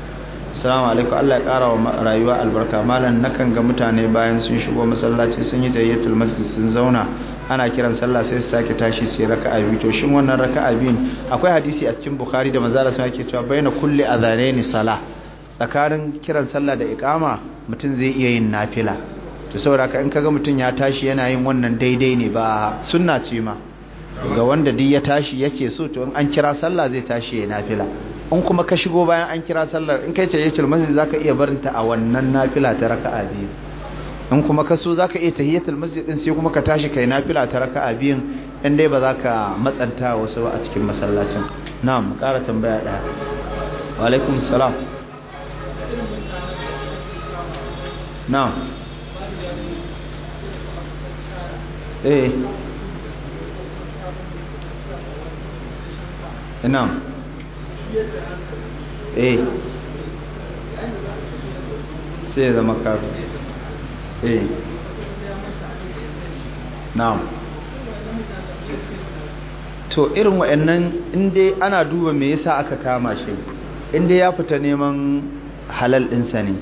assalamu alaikum Allah ya kara wa rayuwa albarka malam na kan ga mutane bayan sun shigo masallaci sun yi tayyatul masjid sun zauna ana kiran sallah sai su sake tashi su yi raka'a biyu to shin wannan raka'a biyun akwai hadisi a cikin bukhari da manzala sun yake cewa baina kulli adhanaini salah tsakanin kiran sallah da iqama mutum zai iya yin nafila to saboda in kaga mutum ya tashi yana yin wannan daidai ne ba sunna ce ma ga wanda duk ya tashi yake so to in an kira sallah zai tashi ya nafila in kuma ka shigo bayan an kira sallar in kai tahiyatul masjid zaka iya barinta a wannan nafila ta raka'a biyu in kuma ka so zaka iya tahiyatul masjid din sai kuma ka tashi kai nafila ta raka'a biyun in dai ba zaka matsanta wasu a cikin masallacin na'am ƙara tambaya daya wa alaikum salam na'am eh na'am eh
sai zama kafin
eh na'am to irin wa'annan inda ana duba me yasa aka kama shi inda ya fita neman halal ɗinsa ne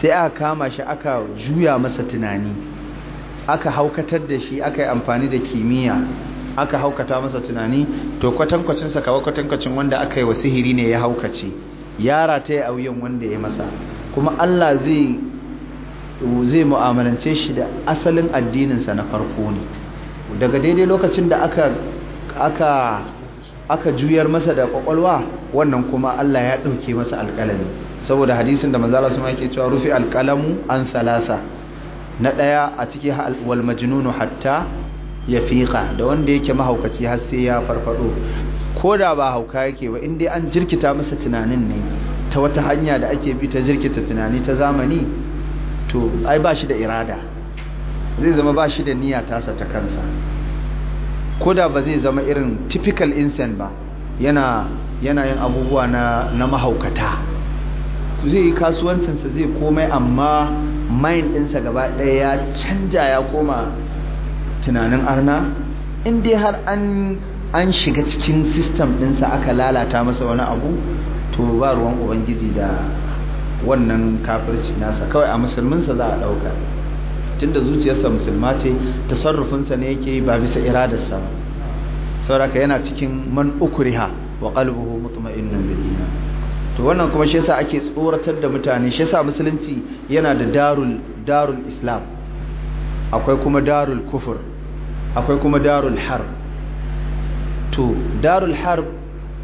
sai aka kama shi aka juya masa tunani aka haukatar da shi aka yi amfani da kimiyya aka haukata masa tunani to kwatankwacinsa sa kwatankwacin wanda aka yi wa sihiri ne ya haukace yara ta yi auyen wanda ya masa kuma Allah zai zai mu'amalance shi da asalin addininsa na farko ne daga daidai lokacin da aka aka aka juyar masa da kwakwalwa wannan kuma Allah ya ɗauke masa alƙalami saboda hadisin da manzo Allah sama yake cewa rufi alqalamu an salasa na ɗaya a cikin wal majnunu hatta ya fiƙa da wanda yake mahaukaci har sai ya farfado ko da ba hauka yake ba inda an jirkita masa tunanin ne ta wata hanya da ake bi ta jirkita tunani ta zamani to ai ba shi da irada zai zama ba shi da niyya tasa ta kansa ko da ba zai zama irin typical incense ba yana yana yin abubuwa na na mahaukata zai yi kasuwancinsa zai komai amma mind ɗinsa gaba ɗaya ya canja ya koma tunanin arna in dai har an shiga cikin system ɗinsa aka lalata masa wani abu to ba ruwan ubangiji da wannan kafirci nasa kawai a musulminsa za a ɗauka tunda zuciyarsa musulma ce tasarrufinsa ne yake ba bisa iradarsa ba sauraka yana cikin man ukuriha wa qalbuhu mutma'innun bil iman to wannan kuma shi yasa ake tsoratar da mutane shi yasa musulunci yana da darul islam akwai kuma darul kufur akwai kuma darul harb to darul harb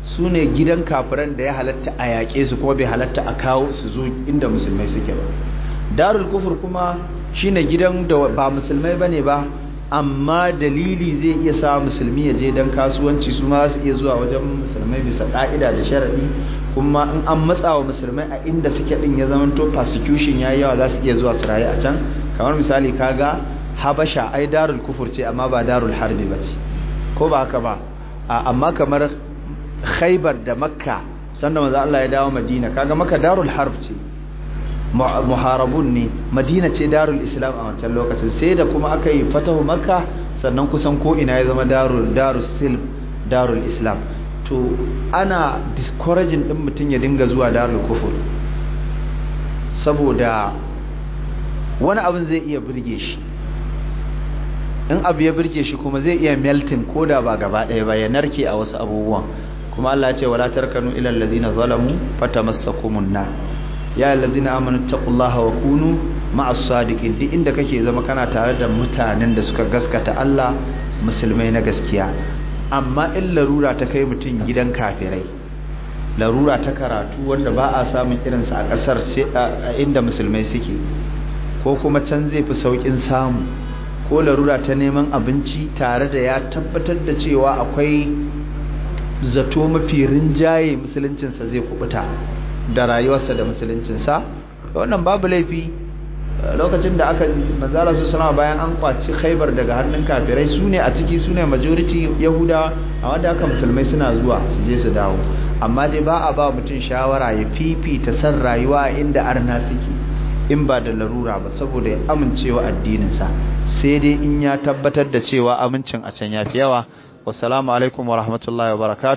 su ne gidan kafiran da ya halatta a yaƙe su kuma bai halatta a kawo su zo inda musulmai suke ba darul kufur kuma shine gidan da ba musulmai bane ba amma dalili zai iya sa musulmi ya je don kasuwanci su ma su iya zuwa wajen musulmai bisa ƙa'ida da sharaɗi kuma in an matsa wa musulmai a inda suke ɗin ya zama to persecution ya yi yawa za su iya zuwa su rayu a can kamar misali kaga habasha ai darul kufur ce amma ba darul harbi ba ce ko ba haka ba amma kamar khaibar da makka sanda maza Allah ya dawo madina kaga makka darul harb ce muharabun ne madina ce darul islam a wancan lokacin sai da kuma aka yi fatahu makka sannan kusan ko ina ya zama darul darus silm darul islam to ana discouraging din mutum ya dinga zuwa darul kufur saboda wani abin zai iya burge shi in abu ya birge shi kuma zai iya melting ko da ba gaba ɗaya ba ya narke a wasu abubuwan kuma Allah ya ce wala tarkanu ila allazina zalamu fatamassakumun nar ya allazina amanu taqullaha wa kunu ma'as sadiqin duk inda kake zama kana tare da mutanen da suka gaskata Allah musulmai na gaskiya amma in larura ta kai mutum gidan kafirai larura ta karatu wanda ba a samun irinsa a ƙasar inda musulmai suke ko kuma can zai fi saukin samu ko larura ta neman abinci tare da ya tabbatar da cewa akwai zato mafi rinjaye musuluncinsa zai kubuta da rayuwarsa da musuluncinsa wannan babu laifi lokacin da aka manzala su salama bayan an kwaci khaibar daga hannun kafirai su ne a ciki su ne majority Yahuda. a wanda aka musulmai suna zuwa su je su dawo amma dai ba a ba mutum shawara ya fifita san rayuwa inda arna suke in ba da larura ba saboda ya amincewa addininsa sai dai in ya tabbatar da cewa amincin a can ya fi yawa wassalamu alaikum wa rahmatullahi wa